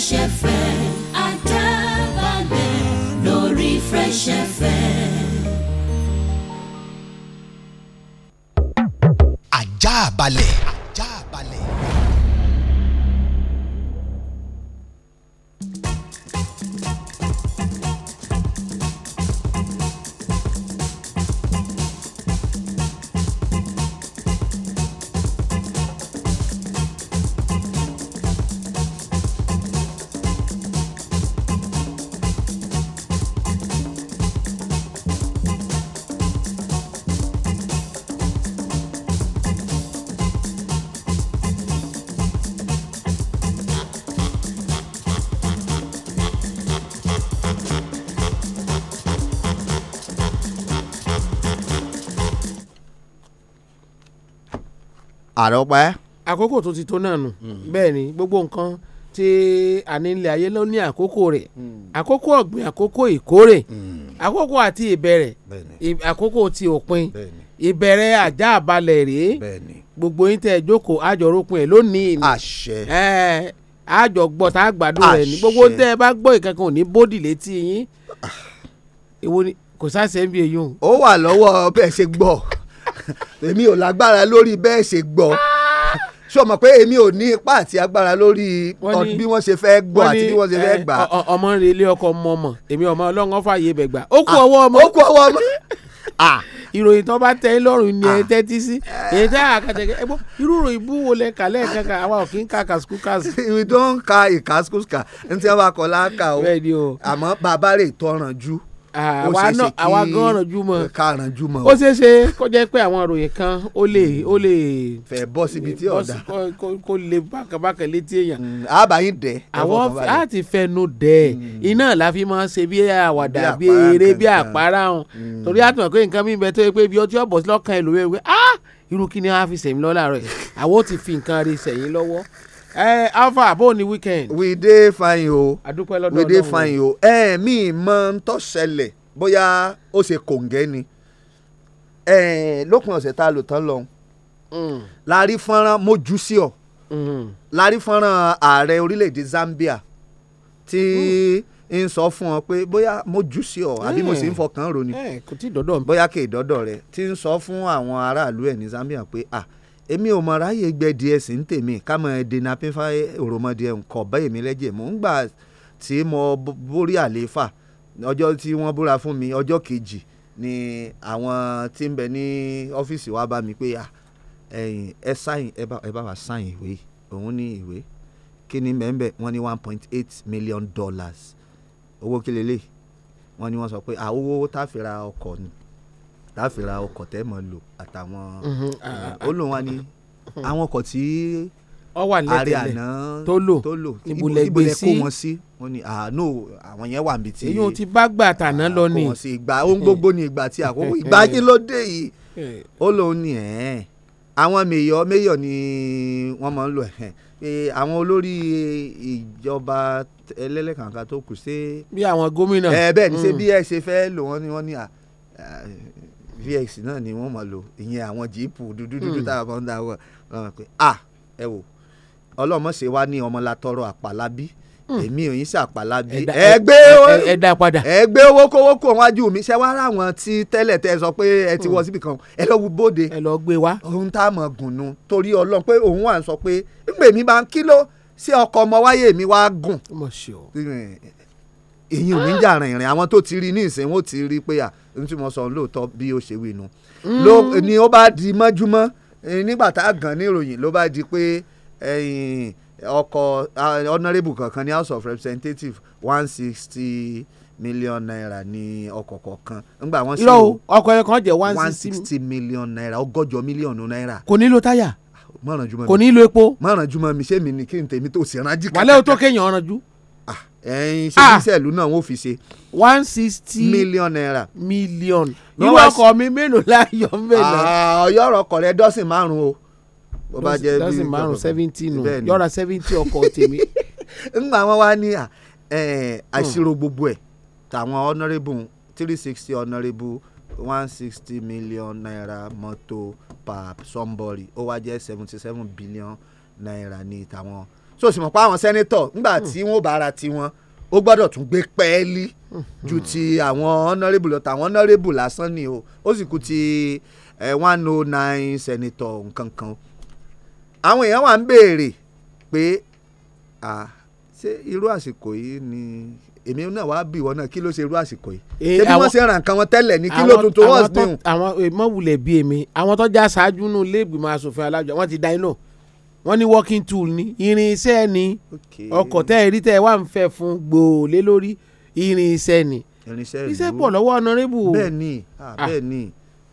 Fresh FM. àròpẹ́. àkókò tó ti tó náà nù hmm. bẹ́ẹ̀ ni gbogbo nǹkan tí ànílẹ̀ ayé ló ní àkókò rẹ̀ hmm. àkókò ọ̀gbìn àkókò ìkórè hmm. àkókò àti ìbẹ̀rẹ̀ àkókò ti òpin ìbẹ̀rẹ̀ àjà àbalẹ̀ rèé gbogbo yín tẹ́ ẹ jókòó àjọrópin ẹ̀ lónìí ni àjọ gbọ́ tá a gbádùn rẹ̀ ni gbogbo tẹ́ ẹ bá gbọ́ ìkankan ò ní bódì létí yín ah. èwo ni kò sáṣẹ́ ń bí eyín o. ó wà lọ́wọ́ bẹ́ẹ̀ ṣe gbọ́. èmi ò lágbára lórí bẹ́ẹ̀ ṣe gbọ́ ṣó mọ̀ pé èmi ò ní ipá àti agbára lórí bí wọ́n ṣe fẹ́ gbọ́ àti bí wọ́n ṣe fẹ́ gbà. ọmọ rẹ ilé ọkọ mọ mọ èmi ọmọ ọlọ́run ọ̀fà yé bẹ̀ gbà ó kú ọwọ́ ọmọ. ó kú ọwọ́ ọmọ. ìròyìn tó bá tẹ́ lọ́rùn ni ẹ tẹ́tí sí èyí tẹ́ àkàtẹ̀kẹ́ ẹ gbọ́ irú ìròyìn bú wo lẹ kà lẹ́ẹ̀kan kan àwa ò kí ń ka kàṣkúkàṣ. we don ka ìkàṣkúkà ní tí wọ́n bá kọ́ láǹkà o àmọ́ bàbá rẹ̀ tọràn ju àwa náà àwa gan ranjúmọ karanjúmọ ó ṣeé ṣe kó jẹ́ pé àwọn ìròyìn kan ó lè hmm. ó lè. fẹ́ bọ́ síbi tí ọ̀dà kó lè bákàbákà létí èèyàn. àbá hmm, yín dẹ. àwọn a ti fẹnu dẹ hmm. iná la fi máa ṣe bí àwàdà bí eré bí àpárá hàn torí àtúntò pé nǹkan mi bẹ tó yẹ pé bí ọtí ọ̀bọ̀ sí lọ́kàn ẹlòmíràn pé ah irú kí ni wọ́n á fi sẹ̀yìn lọ́la rẹ̀ àwọn ò ti fi nǹkan rí sẹ̀yìn lọ́wọ́ ẹ alpha bó ni weekend. we dey fine o we dey fine o ẹ mi mọ ń tọ́ ṣẹlẹ̀ bóyá ó ṣe kòǹgẹ́ ni lópin ọ̀sẹ̀ tá a lò tán lọ mm. láàrí fọ́nrán mojú sí ọ láàrí fọ́nrán ààrẹ orílẹ̀-èdè Zambia tí. Mm ń sọ fún ọ pé bóyá mo jù sí ọ àbí mo sì ń eh. fọkàn rò ni eh, bóyá kì í dọ́dọ̀ rẹ tí ń sọ fún àwọn aráàlú ẹ̀ ní Zambia pé ah èmi ò mọ̀ ráyè gbẹ̀dì ẹ̀sìn ń tèmi ká mọ̀ dènà pínfà òròmọdì ẹ̀ ń kọ̀ lẹ́jẹ̀ mò ń gbà tí mo borí àlééfà ọjọ́ tí wọ́n búra fún mi ọjọ́ kejì ni àwọn tí ń bẹ ní ọ́fíìsì wa bá mi pé ẹ̀yìn ẹ sáyìn ẹ bá wa sáyìn ìwé òun ní ìwé kí ni mẹ́ńbẹ̀ wọ́n ní one point eight million dollars owó kí lélẹ̀ wọ́n ní wọ́n sọ pé àwọn owó tá a fi ra ọkọ̀ ni táàfin ra ọkọ̀ tẹ́ mọ̀ lò àtàwọn mhm. ó lóun wá ní àwọn ọkọ̀ tí ààrẹ àná tó lò ibùlẹ̀ gbé sí kó wọn sí wọn ni àánú àwọn yẹn wà níbi tí èyí ò ti bá gbà tàná lọ ni àkọwọ́n sí ìgbà ohun hmm. ni ìgbà tí àkókò hmm. ìgbà kí ló dé yìí hmm. ó lóun ni ẹ̀ ẹ́ àwọn mèyọ mèyọ ni wọn máa ń lò ẹ àwọn olórí ìjọba ẹlẹ́lẹ́kàǹkà tó kù ṣe. bí àwọn gómìnà. ẹ bẹ́ẹ̀ ni ṣe bí ẹ ṣe fẹ́ lò wọ́n ni wọ́n ní à vx náà ni wọ́n mọ̀ lò ìyẹn àwọn jíìpù dúdú dúdú hmm. táwọn kan ń dá wọ̀ ọ̀hún pé ah ẹ wò ọlọ́mọ̀ṣe wa ní ọmọlatọ́rọ̀ àpàlábí hmm. èmi ò yín sí àpàlábí ẹ gbé ẹ dá padà ẹ gbé owó kówó kó wájú mi ṣé wàá ráwọn tí tẹ́lẹ̀ tẹ́ sọ pé ẹ ti hmm. wọ síbi kan ẹ lọ wú bóde ẹ lọ gbé wá ohun tá a mọ̀ gùnnú torí ọlọ́run pé òun wà ń sọ pé ń pè mí bá ń kí ló ṣé ọkọ̀ ọmọ wáyé mi wá gùn èyí ò ní ah. jà rìnrìn àwọn tó ti rí ní ìsìn wọn ò ti rí pé à ní tí mo sọ lóòótọ́ bí ó ṣe wí nu mm. ni ó bá di mọ́júmọ́ eh, nígbà tá a gàn ní ìròyìn ló bá di pé ọkọ̀ honourable kankan ní house of representatives one sixty million naira ní ọkọ̀ kọ̀ọ̀kan ngbà wọ́n sì. irọ́ ọkọ̀ ẹ̀yọ̀ jẹ́ one sixty million naira ọgọ́jọ mílíọ̀nù naira. kò lo táyà ah, kò lo epo. mọ̀rànjú mọ́ mi ṣé mi ni kí n tèmi tó sì ránjú. wàlẹ́ o tó kéèyàn ránjú ẹyin ṣe dísẹ̀lù ah! náà wọ́n fi ṣe. one sixty million naira. million irú ọkọ̀ mi mélòó la yọ mélòó. Ah, ọyọ́rọ̀ ọkọ̀ rẹ dọ́sìn márùn-ún o. bó bá jẹ́ bí dọ́sìn márùn seventeen seventy nù yọra seventy ọkọ̀ tèmi. ńgbà wọn wá ní àṣírò hmm. gbogbo ẹ̀ tàwọn honourable three sixty honourable one sixty million naira mọ́tò per somebody ó wá jẹ́ seventy seven billion naira ní tàwọn so sì mọ̀ pé àwọn sẹ́nitọ̀ ńgbà hmm. tí wọ́n bá ara tiwọn ó gbọ́dọ̀ tún gbé pẹ́ẹ́lí hmm. ju ti àwọn honourable lọ tàwọn honourable lásán ni o ó sì kú ti one oh nine sẹ́nitọ̀ nkankan àwọn èèyàn wà ń béèrè pé ṣé irú àsìkò yìí ni èmi náà wàá bì wọ́n náà kí ló ṣe irú àsìkò yìí. Eh, ṣé bí wọ́n ṣe ra nǹkan wọn tẹ́lẹ̀ ni kí ló tuntun wọ́n sì dùn. àwọn èèmọ̀ eh, wulẹ̀ bíi èmi àwọn tó já ṣáájú nù lẹ́gbìmọ̀ asòfin alájọ wọ́n ti dá iná wọ́n ní working tool ni irinṣẹ́ ni ọkọ̀ tẹ́ ẹ rí tẹ́ ẹ wá ń fẹ́ fún gbòòlé lórí irinṣẹ́ ni iṣẹ́ pọ̀ lọ́wọ́ ọ̀nàrẹ́bù. bẹ́ẹ̀ ah. ni bẹ́ẹ̀ ni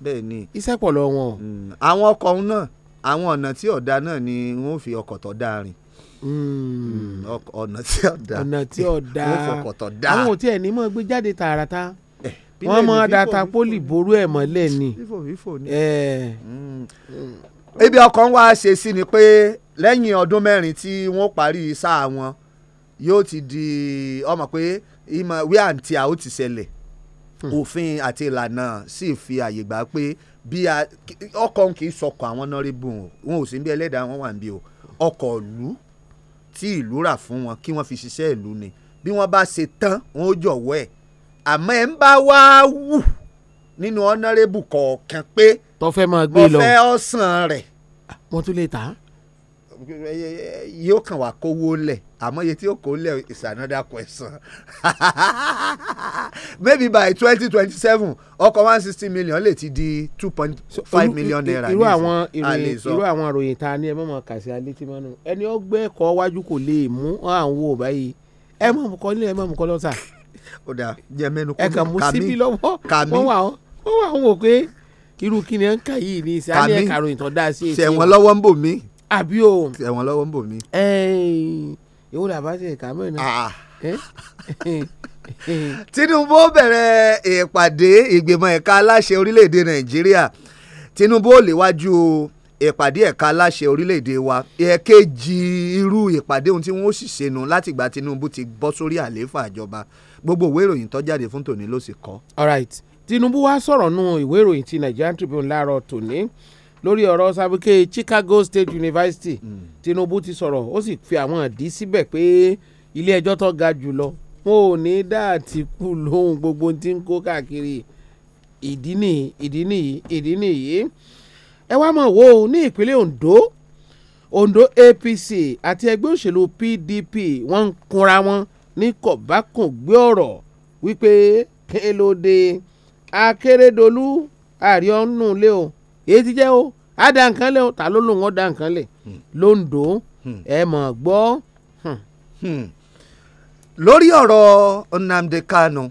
bẹ́ẹ̀ ni. iṣẹ́ pọ̀ lọ wọn. Mm. àwọn ọkọ̀ náà àwọn ọ̀nà tí ọ̀dà náà ni wọ́n fi ọkọ̀ tó dáa rìn mm. Mm, ọ̀nà tí ọ̀dà ọ̀nà tí ọ̀dà wọ́n fọkọ̀ tó dáa. àwọn òtí ẹ̀ ní mọ̀ gbé jáde tààràtà eh, wọ́n mọ̀ data poli ború ẹ̀ mọ́lẹ̀ ni. fífò fífò ni. Eh ibi ọkàn wa ṣe sí ni pé lẹ́yìn ọdún mẹ́rin tí wọ́n parí sáà wọn yóò ti di ọmọ pé ìmọ̀ wí àǹtí a ó ti ṣẹlẹ̀ hmm. òfin àti ìlànà sì fi àyè gbà pé bí ọkàn kì í sọkọ̀ àwọn nọ́rìbù wọn ò sí bí ẹlẹ́dàá wọn wà ń bí o ọkọ̀ ìlú tí ìlú rà fún wọn kí wọ́n fi ṣiṣẹ́ ìlú ni bí wọ́n bá ṣe tán wọn ó jọ̀wọ́ ẹ̀ àmọ́ ẹ̀ ń bá wá wù nínú ọ̀nàrẹ́bù kọ̀ọ̀kan pé tó fẹ́ máa gbé lọ. mo fẹ́ ọ̀sán rẹ̀. wọ́n tún lè tà á. yóò kàn wá kówó lẹ̀ àmọ́ iye tí yóò kó lẹ̀ is another question. maybe by twenty twenty seven ọkọ̀ one sixty million lè ti di two point five million naira ní àlejò. irú àwọn ìròyìn ta ni ẹ mọ̀ mọ̀ kà sí alẹ́ tí mo nù ẹni ọgbẹ́ wájú kò lè mú àwọn wò báyìí ẹ mọ̀ mọ̀ kọ́ nílẹ̀ ẹ mọ̀ mọ̀ kọ́ lọ́sà. ó dà jẹ́ mẹ́nu kọ́ mi kàmí wọ́n wà wọ́n wò pé irú kí ni ẹ ń kà yìí ní ìsẹ́ àní ẹ̀ka ròyìn tó sí etí. sẹ̀wọ̀n lọ́wọ́ ń bò mí. àbí o. sẹ̀wọ̀n lọ́wọ́ ń bò mí. ìwọ làbá ìka mẹ́rin náà. Ah. Tinubu bẹ̀rẹ̀ ìpàdé ìgbìmọ̀ ẹ̀ka aláṣẹ orílẹ̀-èdè Nàìjíríà Tinubu ò léwájú ìpàdé ẹ̀ka aláṣẹ orílẹ̀-èdè wa ẹ̀ẹ̀kejì irú ìpàdé ohun tí wọ́n sì ṣẹnu látìgbà Tinubu ti bọ́ sórí àlééfà ìjọba gbogbo ìwé ìròyìn tó jáde fún tòní ló sì kọ́. All right Tinubu wá sọ̀rọ̀ nu ìwé ìròyìn ti Nigerian Tribune láàárọ̀ tòní lórí ọ̀rọ̀ sàbíké Chicago State University hmm. Tinubu ti sọ̀rọ̀ ó sì fi àwọn ìdí síbẹ̀ pé ilé ẹjọ́ tó ga jù lọ wọn ò ní dá Àtìkù lóhun gbogbo tí ń kó káàkiri ìdí nìyí ìdí nìyí ìdí nìyí ẹ wá mọ̀ wò ní ìpínlẹ̀ Ondo Ondo APC àti ẹgbẹ́ òṣèlú PDP wọ́n ń kunra wọn ní kọ̀bákùn gbé ọ̀rọ̀ wípé kí ló dé. akérèdọ́lù àríọ́nùlé o èyí ti jẹ́ o á da nǹkan lẹ̀ o ta ló lòun ó da nǹkan lẹ̀ hmm. londo hmm. ẹ mọ̀ gbọ́. Hmm. lórí ọ̀rọ̀ nnamdi kanu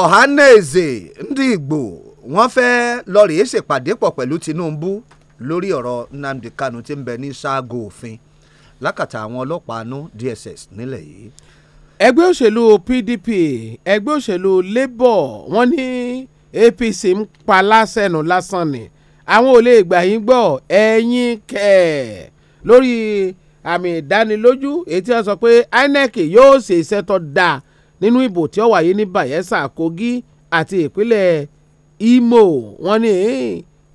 ọ̀hánẹ́ẹ̀zè ndị ìgbò wọ́n fẹ́ lọ rèé ṣèpàdé pọ̀ pẹ̀lú tinubu lórí ọ̀rọ̀ nnamdi kanu tí ń bẹ ní ṣáàgó òfin lákàtà àwọn ọlọ́pàá nú dss nílẹ̀ yìí. ẹgbẹ́ òṣèlú PDP ẹgbẹ́ òṣèlú Labour wọ́n ní APC ń pa lásẹ̀nù lásán ni àwọn ò lè gbà yín gbọ́ ẹ̀yìn kẹ̀ lórí àmì ìdánilójú èyí tí wọ́n sọ pé INEC yóò ṣe iṣẹ́ tó dáa nínú ìbò tí ó wáyé ní Bayelsa Kogi àti ìpínlẹ̀ Imo wọ́n ní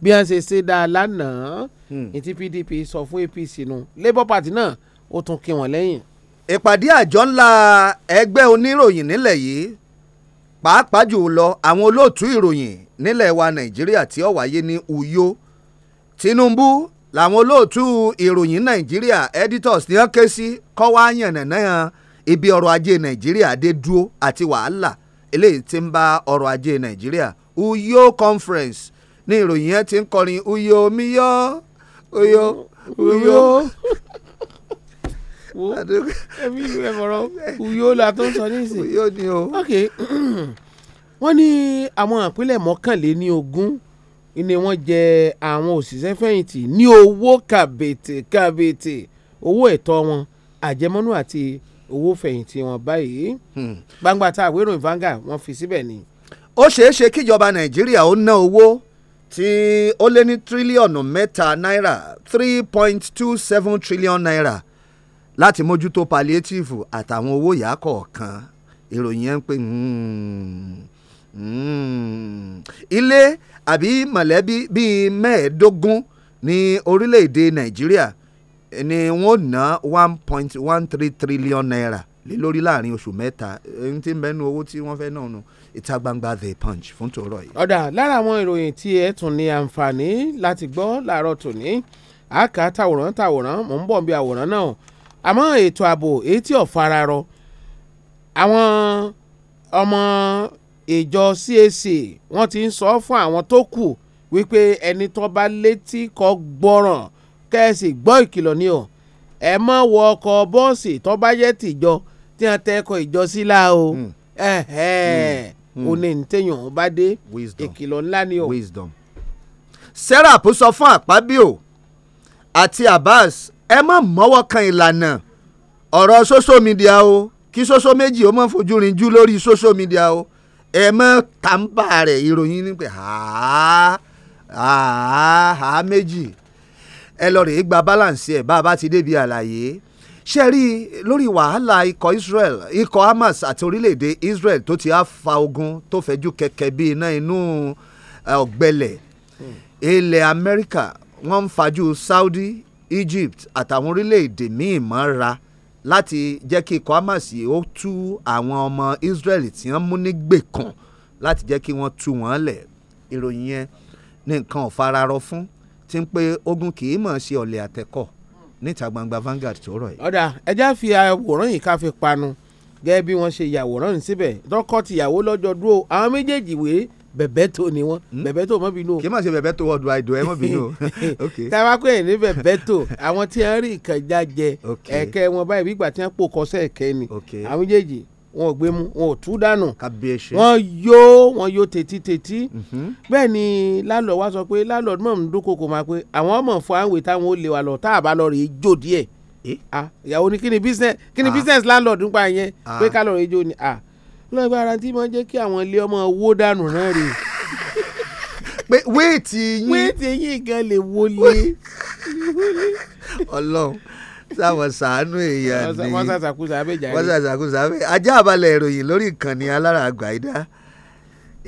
bí wọ́n ṣe ṣe dáa lánàá ètí hmm. PDP sọ fún APC nu Labour Party náà ó tún kí wọn lẹ́yìn ìpàdé àjọ ńlá ẹgbẹ́ oníròyìn nílẹ̀ yìí pàápàá jù lọ àwọn olóòtú ìròyìn nílẹ̀ wa nàìjíríà tí ó wáyé ní Uyo Tinubu làwọn olóòtú ìròyìn nàìjíríà editors ní wọ́n ké sí kọ́ wá yànnàná ibi ọrọ̀ ajé nàìjíríà dé dúró àti wàhálà eléyìí tí ń bá ọrọ̀ ajé nàìjíríà Uyo conference ní ìròyìn yẹn ti ń kọrin Uyo miyo Uyo Uyo wo ẹ̀mí ìlú ẹ̀ mọ̀rọ̀ Uyo la tó ń sọ nísìn. Uyo ni o. ok wọ́n ní àwọn ìpínlẹ̀ mọ́kànléní ogún ni wọ́n jẹ àwọn òṣìṣẹ́ fẹ̀yìntì ní owó kàbètè kàbètè owó ẹ̀tọ́ wọn àjẹmọ́nú àti owó fẹ̀yìntì wọn báyìí hmm. gbangba tá àwérò ìvanga wọ́n fi síbẹ̀ ni. ó ṣeé ṣe kíjọba nàìjíríà ó ná owó tí ó lé ní tírílíọ̀nù mẹ́ta náírà three point two seven trillion naira láti mójútó palliative àtàwọn owó ìyá kọ̀ọ̀kan ìròyìn yẹn ń pè hmm, hmm. ilé àbí mọ̀lẹ́bí bíi mẹ́ẹ̀ẹ́dógún ní orílẹ̀-èdè nàìjíríà ni wọ́n ná one point one three trillion naira lé lórí láàrin oṣù mẹ́ta ẹni tí ń bẹ́nu owó tí wọ́n fẹ́ náà nù ìta gbangba the punch fún tòrọ yìí. ọ̀dà lára àwọn ìròyìn tí ẹ tún ní àǹfààní láti gbọ́ láàárọ̀ tòní àkà tàwòrán mò ń bọ̀ bí àwòrán náà àmọ́ ètò ààbò èyí tí ò fararọ àwọn ọmọ ìjọ CAC wọ́n ti ń sọ fún àwọn tó kù wípé ẹni tó bá létí kò gbọ́ràn kẹ́sì gbọ́ ìkìlọ̀ ni o ẹ mọ̀ wọ ọkọ̀ bọ́ọ̀sì tó bá yẹ tìjọ tí wọ́n tẹ́ ẹkọ̀ ìjọ sílá o hmm. Hmm. òní ntẹ̀yàn bá dé ìkìlọ̀ ńlá ni o. Wisdom. Serap fún Àpábíò àti Abbas ẹ má mọ́wọ́ kan ìlànà ọ̀rọ̀ social media o kí social méjì ó mọ̀ fojú rinjú lórí social media o ẹ mọ̀ tàǹbà rẹ̀ ìròyìn ní pé ha ha ha méjì ẹ lọ rèé gba balance ẹ bá a bá ti débi àlàyé ṣe rí i lórí wàhálà ikọ̀ Israel ikọ̀ Hamas àti orílẹ̀-èdè Israel tó ti á fa ogun tó fẹ́jú kẹ̀kẹ́ bí iná inú ọ̀gbẹ́lẹ̀ hmm. ilẹ̀ Amẹ́ríkà wọ́n ń fajú Saudi Egypt àtàwọn orílẹ̀-èdè míì mọ́ra láti jẹ́ kí ikọ̀ Hamas ó tú àwọn ọmọ Israel tí wọ́n mú nígbèkùn láti jẹ́ kí wọ́n tú wọ́n lẹ̀ ìròyìn yẹn ní nǹkan ò fún tí ń pé ogun kì í mọ̀ ṣe ọ̀lẹ̀ àtẹ̀kọ́ níta gbangba Vanguard tó rọ̀ yìí. ọ̀dà ẹja fi àwòrán yìí ká fi panu gẹ́gẹ́ bí wọ́n ṣe yàwòrán yìí síbẹ̀ dọ́kọ̀ tìyàwó lọ́jọ́ dúró àwọn méjèèjì wèé bẹ̀bẹ̀ tó ni wọ́n hmm? bẹ̀bẹ̀ tó mọ́ bínú o. kì í má ṣe bẹ̀bẹ̀ tó wọ́ọ̀dù àìdùn ẹ̀ mọ́ bínú o. táwa pé ní bẹ̀bẹ̀ tó àwọn tí wọ́n rí nǹkan já jẹ ẹ̀kẹ́ wọn báyìí bí ìgbà tí wọ́n pò kọ́sẹ́ ẹ̀kẹ́ ni àwọn méjèèjì wọn ò gbé mu wọn ò tú dànù wọn yó wọn yó tètí tètí mhm. bẹ́ẹ̀ ni lálọ́ wa sọ pé lálọ́ mọ̀ ń dúnkokò máa pé àwọn ọmọ fún àwẹ̀ táwọn ó lè wà lọ tá a bá lọ rèé jò díẹ̀ eh? ah, ìyàwó ni kí ni business kí ni ah. business landlord ń pa yẹn ah. pé ká lọ rèé jò ni lọ́gbà ara tí máa ń jẹ́ kí àwọn ilé ọmọ wó dànù náà rè. pé wéètì yín wéètì yín gan lè wọlé. ọlọ́run sáwọn sàánú èèyàn ni wọ́n ṣàṣàkóso abẹ́jà rẹ̀ wọ́n ṣàṣàkóso abẹ́jà ajá àbálẹ̀ ìròyìn lórí ìkànnì alára àgbàdá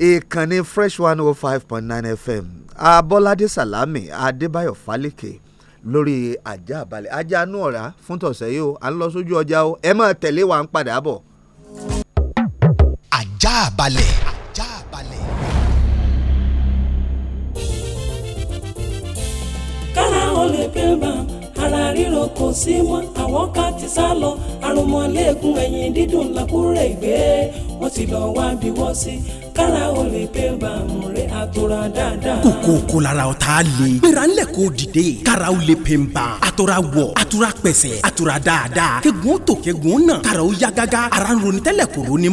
ìkànnì fresh one oh five point nine fm abọ́ládé sàlámì adébáyọ̀ fálékè lórí ajá àbálẹ̀ ajá nù ọ̀rá fún tọ̀sẹ̀ yìí o à ń lọ sójú ọjà o ẹ máa tẹ̀lé wa ń padà bọ̀ ajá balẹ̀. ajá balẹ̀. kára ó lè pé bàmù ara ríro kò sí mọ́ àwọn ká ti sá lọ àrùnmọ́lẹ́gùn ẹ̀yìn dídùn làkúrẹ́ ìgbé wọ́n ti lọ́ọ́ wá bí wọ́n sí kára o lè pé bàmù rẹ̀ àtòrà dáadáa. kòkó kò lára o t'a le. gbéra ńlẹ̀ k'o dìde. kára o lè pè n ban. àtòrà wọ̀ àtòrà pẹ̀sẹ̀ àtòrà dáadáa. kẹ́gun tó kẹ́gun nà. kára o ya gágá. ara ń ronú tẹ́lẹ̀ kò ronú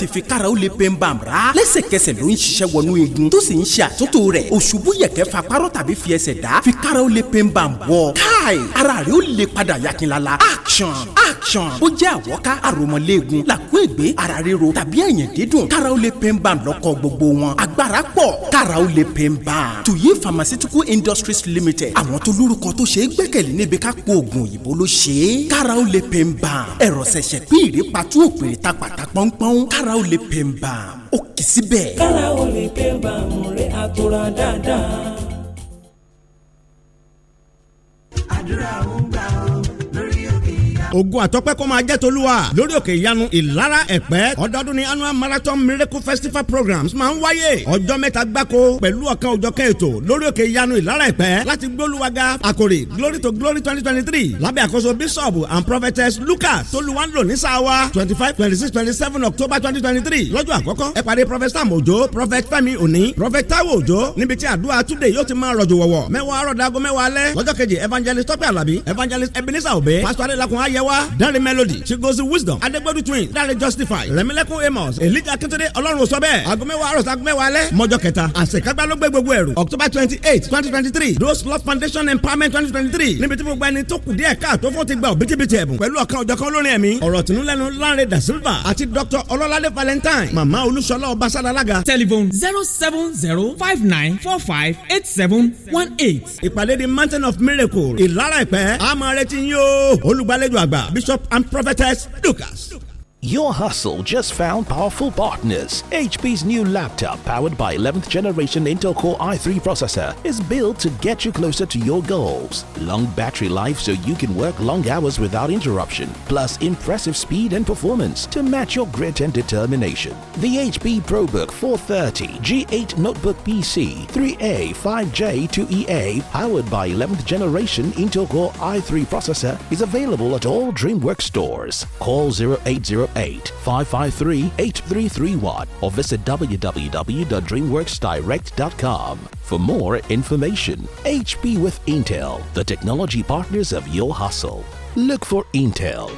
ti fi kára o lè pè n ban ra. lẹ́sẹ̀kẹsẹ̀ ló ń ṣiṣẹ́ wọnú igun. tó sì ń ṣe àtúntò rẹ̀. òṣùbù yẹ̀kẹ́ fa párọ̀ tàbí fi ẹsẹ̀ dá. fi kára o lè pè n ban bọ̀. káì ara rẹ̀ ó lè padà yakinlala. action action. ó jẹ́ àwọ̀ká àròmọ̀lẹ́gun làkún ìgbé ara ríro tàbí ẹ̀yìn dídùn. kára o lè n ban lọ́kọ̀ gbogbo wọn agbára pọ̀ kára ó lè pè ń bá a. tuyi pharmaceutical industries limited àwọn tó lórúkọ tó ṣe é gbẹ́kẹ̀lé níbi ká po oògùn òyìnbó ló ṣe é kára ó lè pè ń bá a. ẹ̀rọ ṣẹ̀ṣẹ̀ pín ìrèpàtú òpèrè ta pàtà pọ́npọ́n kára ó lè pè ń bá a ó kì í síbẹ̀. kára ó lè pè ń bá a mú rẹ̀ àtúrà dáadáa ògùn àtọ́pẹ́ kó máa jẹ́ tolúwa lórí òkè ìyanu ìlara ẹ̀pẹ́ ọdọọdún ni annual marathon miracle festival programs máa ń wáyé ọjọ́ mẹ́ta gbáko pẹ̀lú ọ̀kan òjọ̀kan ètò lórí òkè ìyanu ìlara ẹ̀pẹ́ láti gbólúwaga àkòrí glory to glory twenty twenty three lábẹ́ àkóso bishop and prophetess lucas tolúwanlò ní sáwa twenty five twenty six twenty seven october twenty twenty three lọ́jọ́ àkọ́kọ́ ẹ pàdé prophet sam ojo prophet fẹ́mi òní prophet taiwo ojo níbi tí àdúrà today yóò ti máa rọ̀jò wọ̀wọ̀ mẹ́wàá rọ̀dàgọ́ mẹ́wàá alẹ́ lọ́jọ́ kejì evangelist tọ́pẹ́ alábí evangelist ebenezer obe pastor adelakun ayé adéyẹwà dáre melody she goes with wisdom adégbòdú twins dáre justify rẹ̀mílẹ́kùn amos elijah akíntúndé ọlọ́run sọ bẹ́ẹ̀ agomẹ́wà arọ́sọ agomẹ́wà alẹ́ mọ́jọ kẹta àṣekágbá ló gbé gbogbo ẹ̀rù october twenty eight twenty twenty three rose love foundation empowerment twenty twenty three níbi tí gbogbo ẹni tó kù díẹ̀ káàtó fún ti gba òbítíbitì ẹ̀bùn pẹ̀lú ọ̀kan ọ̀jọ̀kan olórin ẹ̀mí ọ̀rọ̀ tìǹlẹ́nu Lanre da Silva àti dr ọlọ́ládé valentine màmá olúṣọlá ọbaṣádalága telephone zero seven zero five nine four five eight seven one eight. ìpàdé di mountain of miracle ìlara ìpẹ́ àmọ́ retí yín o olùgbàlejò àgbà àgbà bishop and prophetess lucas your hustle just found powerful partners. HP's new laptop, powered by 11th generation Intel Core i3 processor, is built to get you closer to your goals. Long battery life so you can work long hours without interruption, plus impressive speed and performance to match your grit and determination. The HP ProBook 430 G8 Notebook PC 3A 5J 2EA, powered by 11th generation Intel Core i3 processor, is available at all DreamWorks stores. Call 080 8331 or visit www.dreamworksdirect.com for more information. HP with Intel, the technology partners of your hustle. Look for Intel.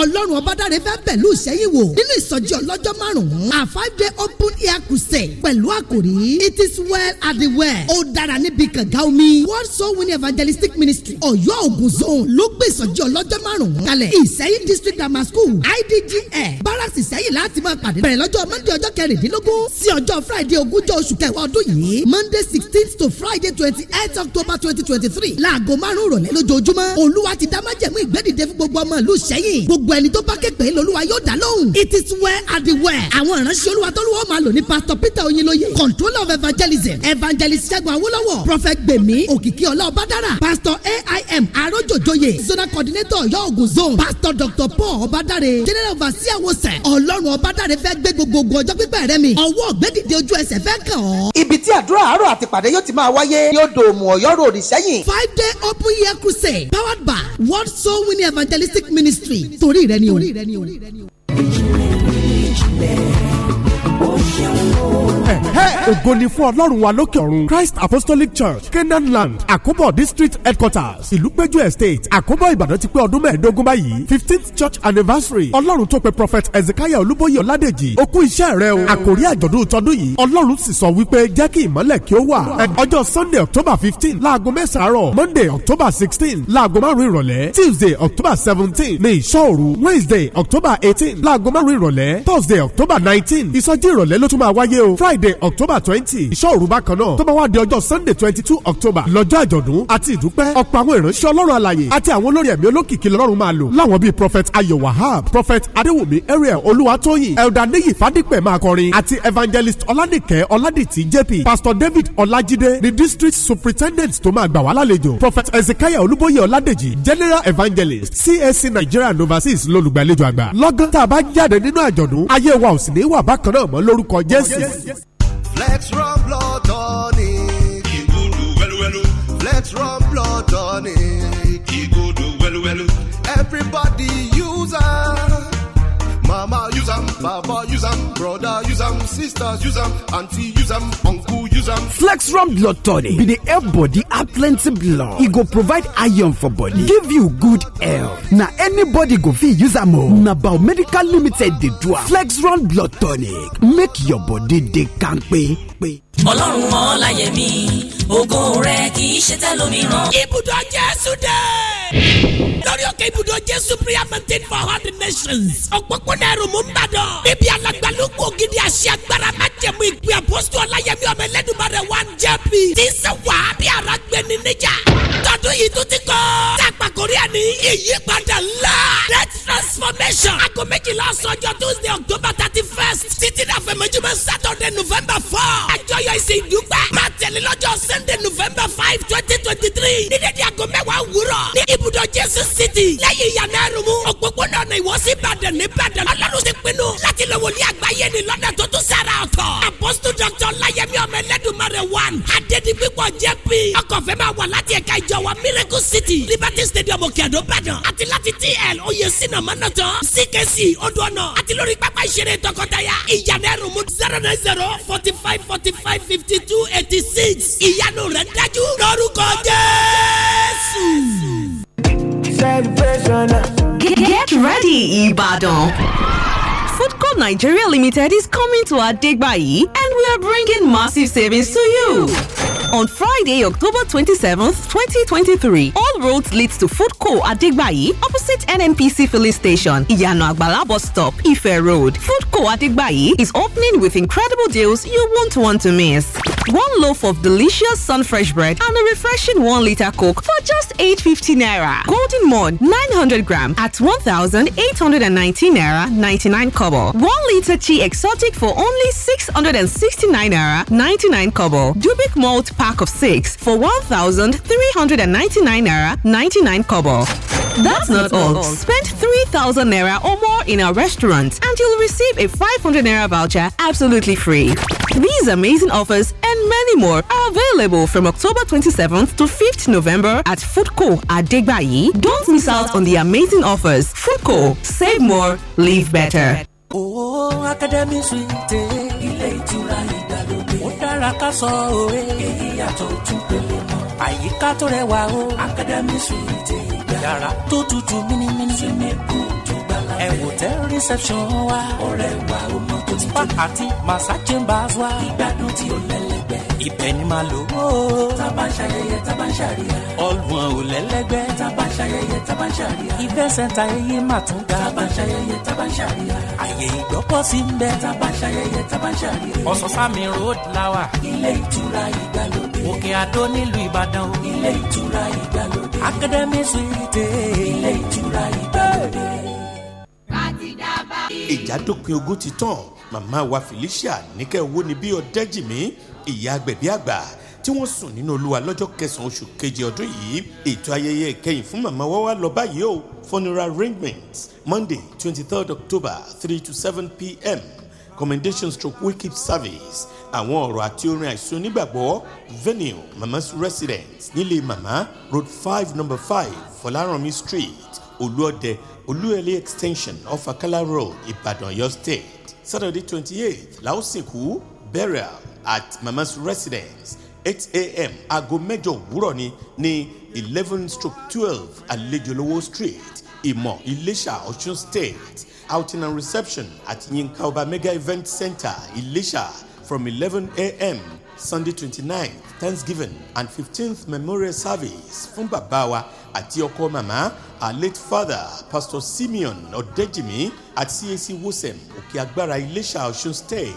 ọlọ́run ọbádàrẹ fẹ́ bẹ̀lú ìṣẹ́yìn wò nínú ìsọjí ọlọ́jọ́ márùn-ún a five day open air crusade pẹ̀lú àkòrí it is well at the well ó dára níbi kànga omi world soul winning evangelistic ministry ọ̀yọ́ ògùn zone ló gbé ìsọjí ọlọ́jọ́ márùn-ún kalẹ̀ ìṣẹ́yìn district grammar school idgf barracks ìṣẹ́yìn láti máa pàdé bẹ̀rẹ̀ lọ́jọ́ monday ọjọ́ kẹrìndínlógún sí ọjọ́ friday ogúnjọ́ oṣù kẹwàá ọdún yìí monday sixteen to friday twenty eight october twenty twenty three láago márùn-ún rọ̀lẹ́ lójoojúmọ́ olúwa ti dá májẹ̀mú ìgbẹ́dìde fún gbogbo ọmọ ìlú ìṣẹ́yìn gbogbo gbogbo ẹni tó bá képe lolúwa yóò dá lóhùn it is where and the well àwọn ìránṣẹ́ olúwa tó lówó máa lò ní pastor peter oyinlóye controller of evangelism evangelist ṣẹ́gun awólọ́wọ̀ prophet gbèmí òkìkí ọlá pastor aim arójòjòyè zona coordinator yọ ogun zone pastor dr paul ọbádáre general overseer wosẹ̀ ọlọ́run ọbádáre fẹ́ gbé gbogbo ọjọ́ pípẹ́ rẹ mi ọwọ́ ọ̀gbẹ́dìde ojú ẹsẹ̀ fẹ́ kàn ọ́. ibi tí àdúrà àárọ̀ àti pàdé yóò ti máa wáyé ní odò òmù ọ̀yọ́ road ìṣẹ́yìn. five day open year crusade powered by world soul winning evangelistic ministry nítorí rẹ ni o ògo ni fún ọlọ́run wa lókè ọ̀run christ apostolic church canaan land àkóbọ̀ district headquarters ìlúpéjú estate àkóbọ̀ ìbàdàn ti pé ọdún mẹ́ẹ̀ẹ́dógún báyìí fifteenth church anniversary ọlọ́run tó pe prophet ezekiah olúbóyè ọládèjì ó kú iṣẹ́ rẹ o àkòrí àjọ̀dún tọdún yìí ọlọ́run sì sọ wípé jẹ́ kí ìmọ́lẹ̀ kí ó wà ọjọ́ sunday october fifteen láago mẹ́sàn-án monday october sixteen láago márùn-ún ìrọ̀lẹ́ tuesday october seventeen ní ìṣọ́òru wednesday october eighteen láago márùn-ún ìrọ̀lẹ́ thursday october nineteen ìsọjí ìrọ̀lẹ́ ló tún máa wáyé o friday friday october twenty ìṣọ́ òru bákan náà tó bá wá di ọjọ́ sunday twenty two october lọ́jọ́ àjọ̀dún àti ìdúpẹ́ ọ̀pọ̀ àwọn ìránṣẹ́ ọlọ́run alàyè àti àwọn olórí ẹ̀mí olókìkí lọ́rùn máa lò láwọn bíi prophet ayọ̀ wahab prophet adéwùmí ariel olúwatóyìn elder níyì fádípẹ̀ máa kọrin àti evangelist ọládìkẹ́ ọládìtì jp pastor david ọlájídé ni district superintendent tó máa gbà wá lálejò prophet ezekiah olúbóyè ọládèjì general evangelist CSC nigeria and overseas lólùgbàlejò àgbà lọ́gán tá a bá jáde nínú àjọ̀dún ayé wa ò sì ní wà bákan náà mọ́ lórúkọ jésù. Flex rum blood on it. tonic. Igudu welu welu. Oh. Flex rum blood on tonic. Igudu welu welu. Oh. Everybody use it. Mama use them, Baba use them, brother use them, sisters use them, auntie use them, uncle use them. Flexrum Blood Tonic be the help body add plenty blood. It go provide iron for body, give you good health. Now anybody go fit use am Now Na medical Limited the drug. am. Flexrum Blood Tonic make your body dey kampe. Ọlọ́run mọ́ láyé mi, ògo rẹ̀ kì í ṣe tẹ́lómi rán. Ibùdó Jésù dé lórí òkè ibùdó jésù prayer mountain for all the nations òpópónà ẹrù mú nbàdàn níbi alàgbàlùkù ògidì àṣẹ agbára májẹ̀mú ìpè àpòsù ọláyẹmí ọmọ ẹlẹ́dùnmarè one jp tí ń sẹ wà á bí ara gbẹni níjà tọdún yìí tó ti kọ́ tàgbà kórìà ní ìyípadà ńlá great transformation aago méjìlá ọ̀sánjọ́ tuesday october thirty first títí náà fẹ̀mẹ́júmọ́ saturday november four àjọyọ̀ ìsìn ìdúpẹ́ máa tẹ̀lé lọ́jọ́ sunday november five twenty twenty three nídìí àgọ́ mẹ́wàá wúrọ̀ ní ibùdó jésù city lẹ́yìn ìyànà ẹrùmú òpópónà ọ̀nà ìwọ́sí ìbàdàn ní ìbàdàn ọlọ́run ti pinnu láti lọ wòlíì àgbáyé ni lọ́dọ̀ tó tún sára ọ̀tọ̀ apọ́sítù dr ọláyẹmí ọmọ ẹlẹ́dùnmọ́rẹ̀ one adédìpípọ̀ jp ọkọ̀fẹ́ máa wà láti ẹ̀ka ìjọ wa miracle city liberty stadium òkèdó ìbàdàn àti láti tl oyè sinna mọ́nàtọ́ ckc odò ọ̀nà àti lórí pápá ìṣeré tọkọtaya ìyànà ẹrùmú zero nine zero forty five forty five fifty two eighty six ìyanu rẹ̀ dájú lórúkọ jésù. celebration. Get, ready, Ibadan. Foodco Nigeria Limited is coming to our Adegbayi and we are bringing massive savings to you on Friday, October 27th, 2023. All roads leads to Food Co. at Digbayi, opposite NNPC filling station, Iyano Agbala bus stop, Ife Road. Food Co. at Digbayi is opening with incredible deals you won't want to miss. One loaf of delicious Sunfresh bread and a refreshing 1 litre Coke for just 8.50 naira. Golden Mould 900 gram at 1,819 naira 99 kobo. 1 litre tea exotic for only 669 naira 99 kobo. Dubik malt pack pack of six for 1,399 naira 99 kobo. That's, That's not, not all. all. Spend 3,000 naira or more in our restaurant and you'll receive a 500 naira voucher absolutely free. These amazing offers and many more are available from October 27th to 5th November at Foodco at Degbayi. Don't miss out on the amazing offers. Foodco, save more, live better. Oh, Academy Suite, ilé dára ká sọ òwe. èyí yàtọ̀ ojú pele mọ́. àyíká tó rẹwà o. akademi suwite ìgbà. yàrá tó tutù mímímí. sinimu tó gbala bẹ́ẹ̀. ẹ wò tẹ reception wa. ọ̀rẹ́ wa o mọ tó ti tó. spa àti massa chambers wa. ìgbádùn tí o lẹ́lẹ́gbẹ́. ibẹ̀ ni màá lò ó. ń ṣayẹyẹ tá ń ṣàríyá. ọlùwọ̀n ò lẹ́lẹ́gbẹ́. tá ṣayẹyẹ tá bá ń ṣàríyá. ìfẹsẹ̀ta ẹyẹ mà tún ga. tá bá ń ṣayẹyẹ tá bá ń ṣàríyá. àyè ìgbọ́kọ̀ sí ń bẹ. tá bá ń ṣayẹyẹ tá bá ń ṣàríyá. ọ̀sánsámi road lawa. ilé ìtura ìgbàlódé. òkè àdó nílùú ìbàdàn. ilé ìtura ìgbàlódé. academy suite. ilé ìtura ìgbàlódé. ìjà dópin ogún ti tán màmá wa Felicia níkẹ́ wo ni bí mi ìyá agbẹ̀bí àgbà tí wọ́n sùn nínú olúwa lọ́jọ́ kẹsàn-án oṣù keje ọdún yìí ètò ayẹyẹ ìkẹyìn fún màmá wa lọ báyìí o funeral arrangements monday twenty third october three to seven pm commendation stroke wicked service àwọn ọ̀rọ̀ àti orin àìsàn onígbàgbọ́ venue mama's residence nílé mama road five number five fọláranmi street olúọdẹ olúẹlẹ extension off akala road ìbàdàn ọ̀yọ́ state saturday twenty eight làwọn burial at mama's residence eight a.m. aago mẹ́jọ òwúrọ̀ ni ní eleven stroke twelve àlejòlówó street ìmọ̀ ìlẹ́ṣà ọ̀ṣun state outing and reception at yinka ọba mega event center ìlẹ́ṣà from eleven a.m. sunday twenty-ninth thanksgiving and fifteenth memorial service fún bàbá wa àti ọkọ màmá our late father pastor simeon Odejimi at cac wosem òkè agbára ìlẹ́ṣà ọ̀ṣun state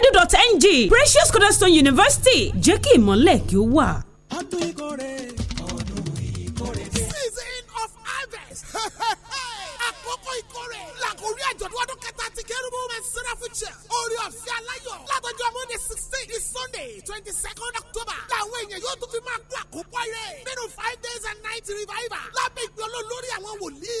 edu.ng Precious Cornerstone University jẹ́ kí ìmọ̀lẹ̀ kí ó wà. ọdún ìkórè ọdún ìkórè dé. season of harvest. àkókò ìkórè làkòrí àjọ̀dún ọdún kẹta ti kérúbù mẹ́sàn-án future. orí ọ̀fẹ́ aláyọ̀ látọjọ́ monday sixteen di sunday twenty second october. làwọn èèyàn yóò tún fi máa kó àkókò ayé. nínú five days and night revival. lábẹ́ ìgbẹ́ olólórí àwọn wòlíì.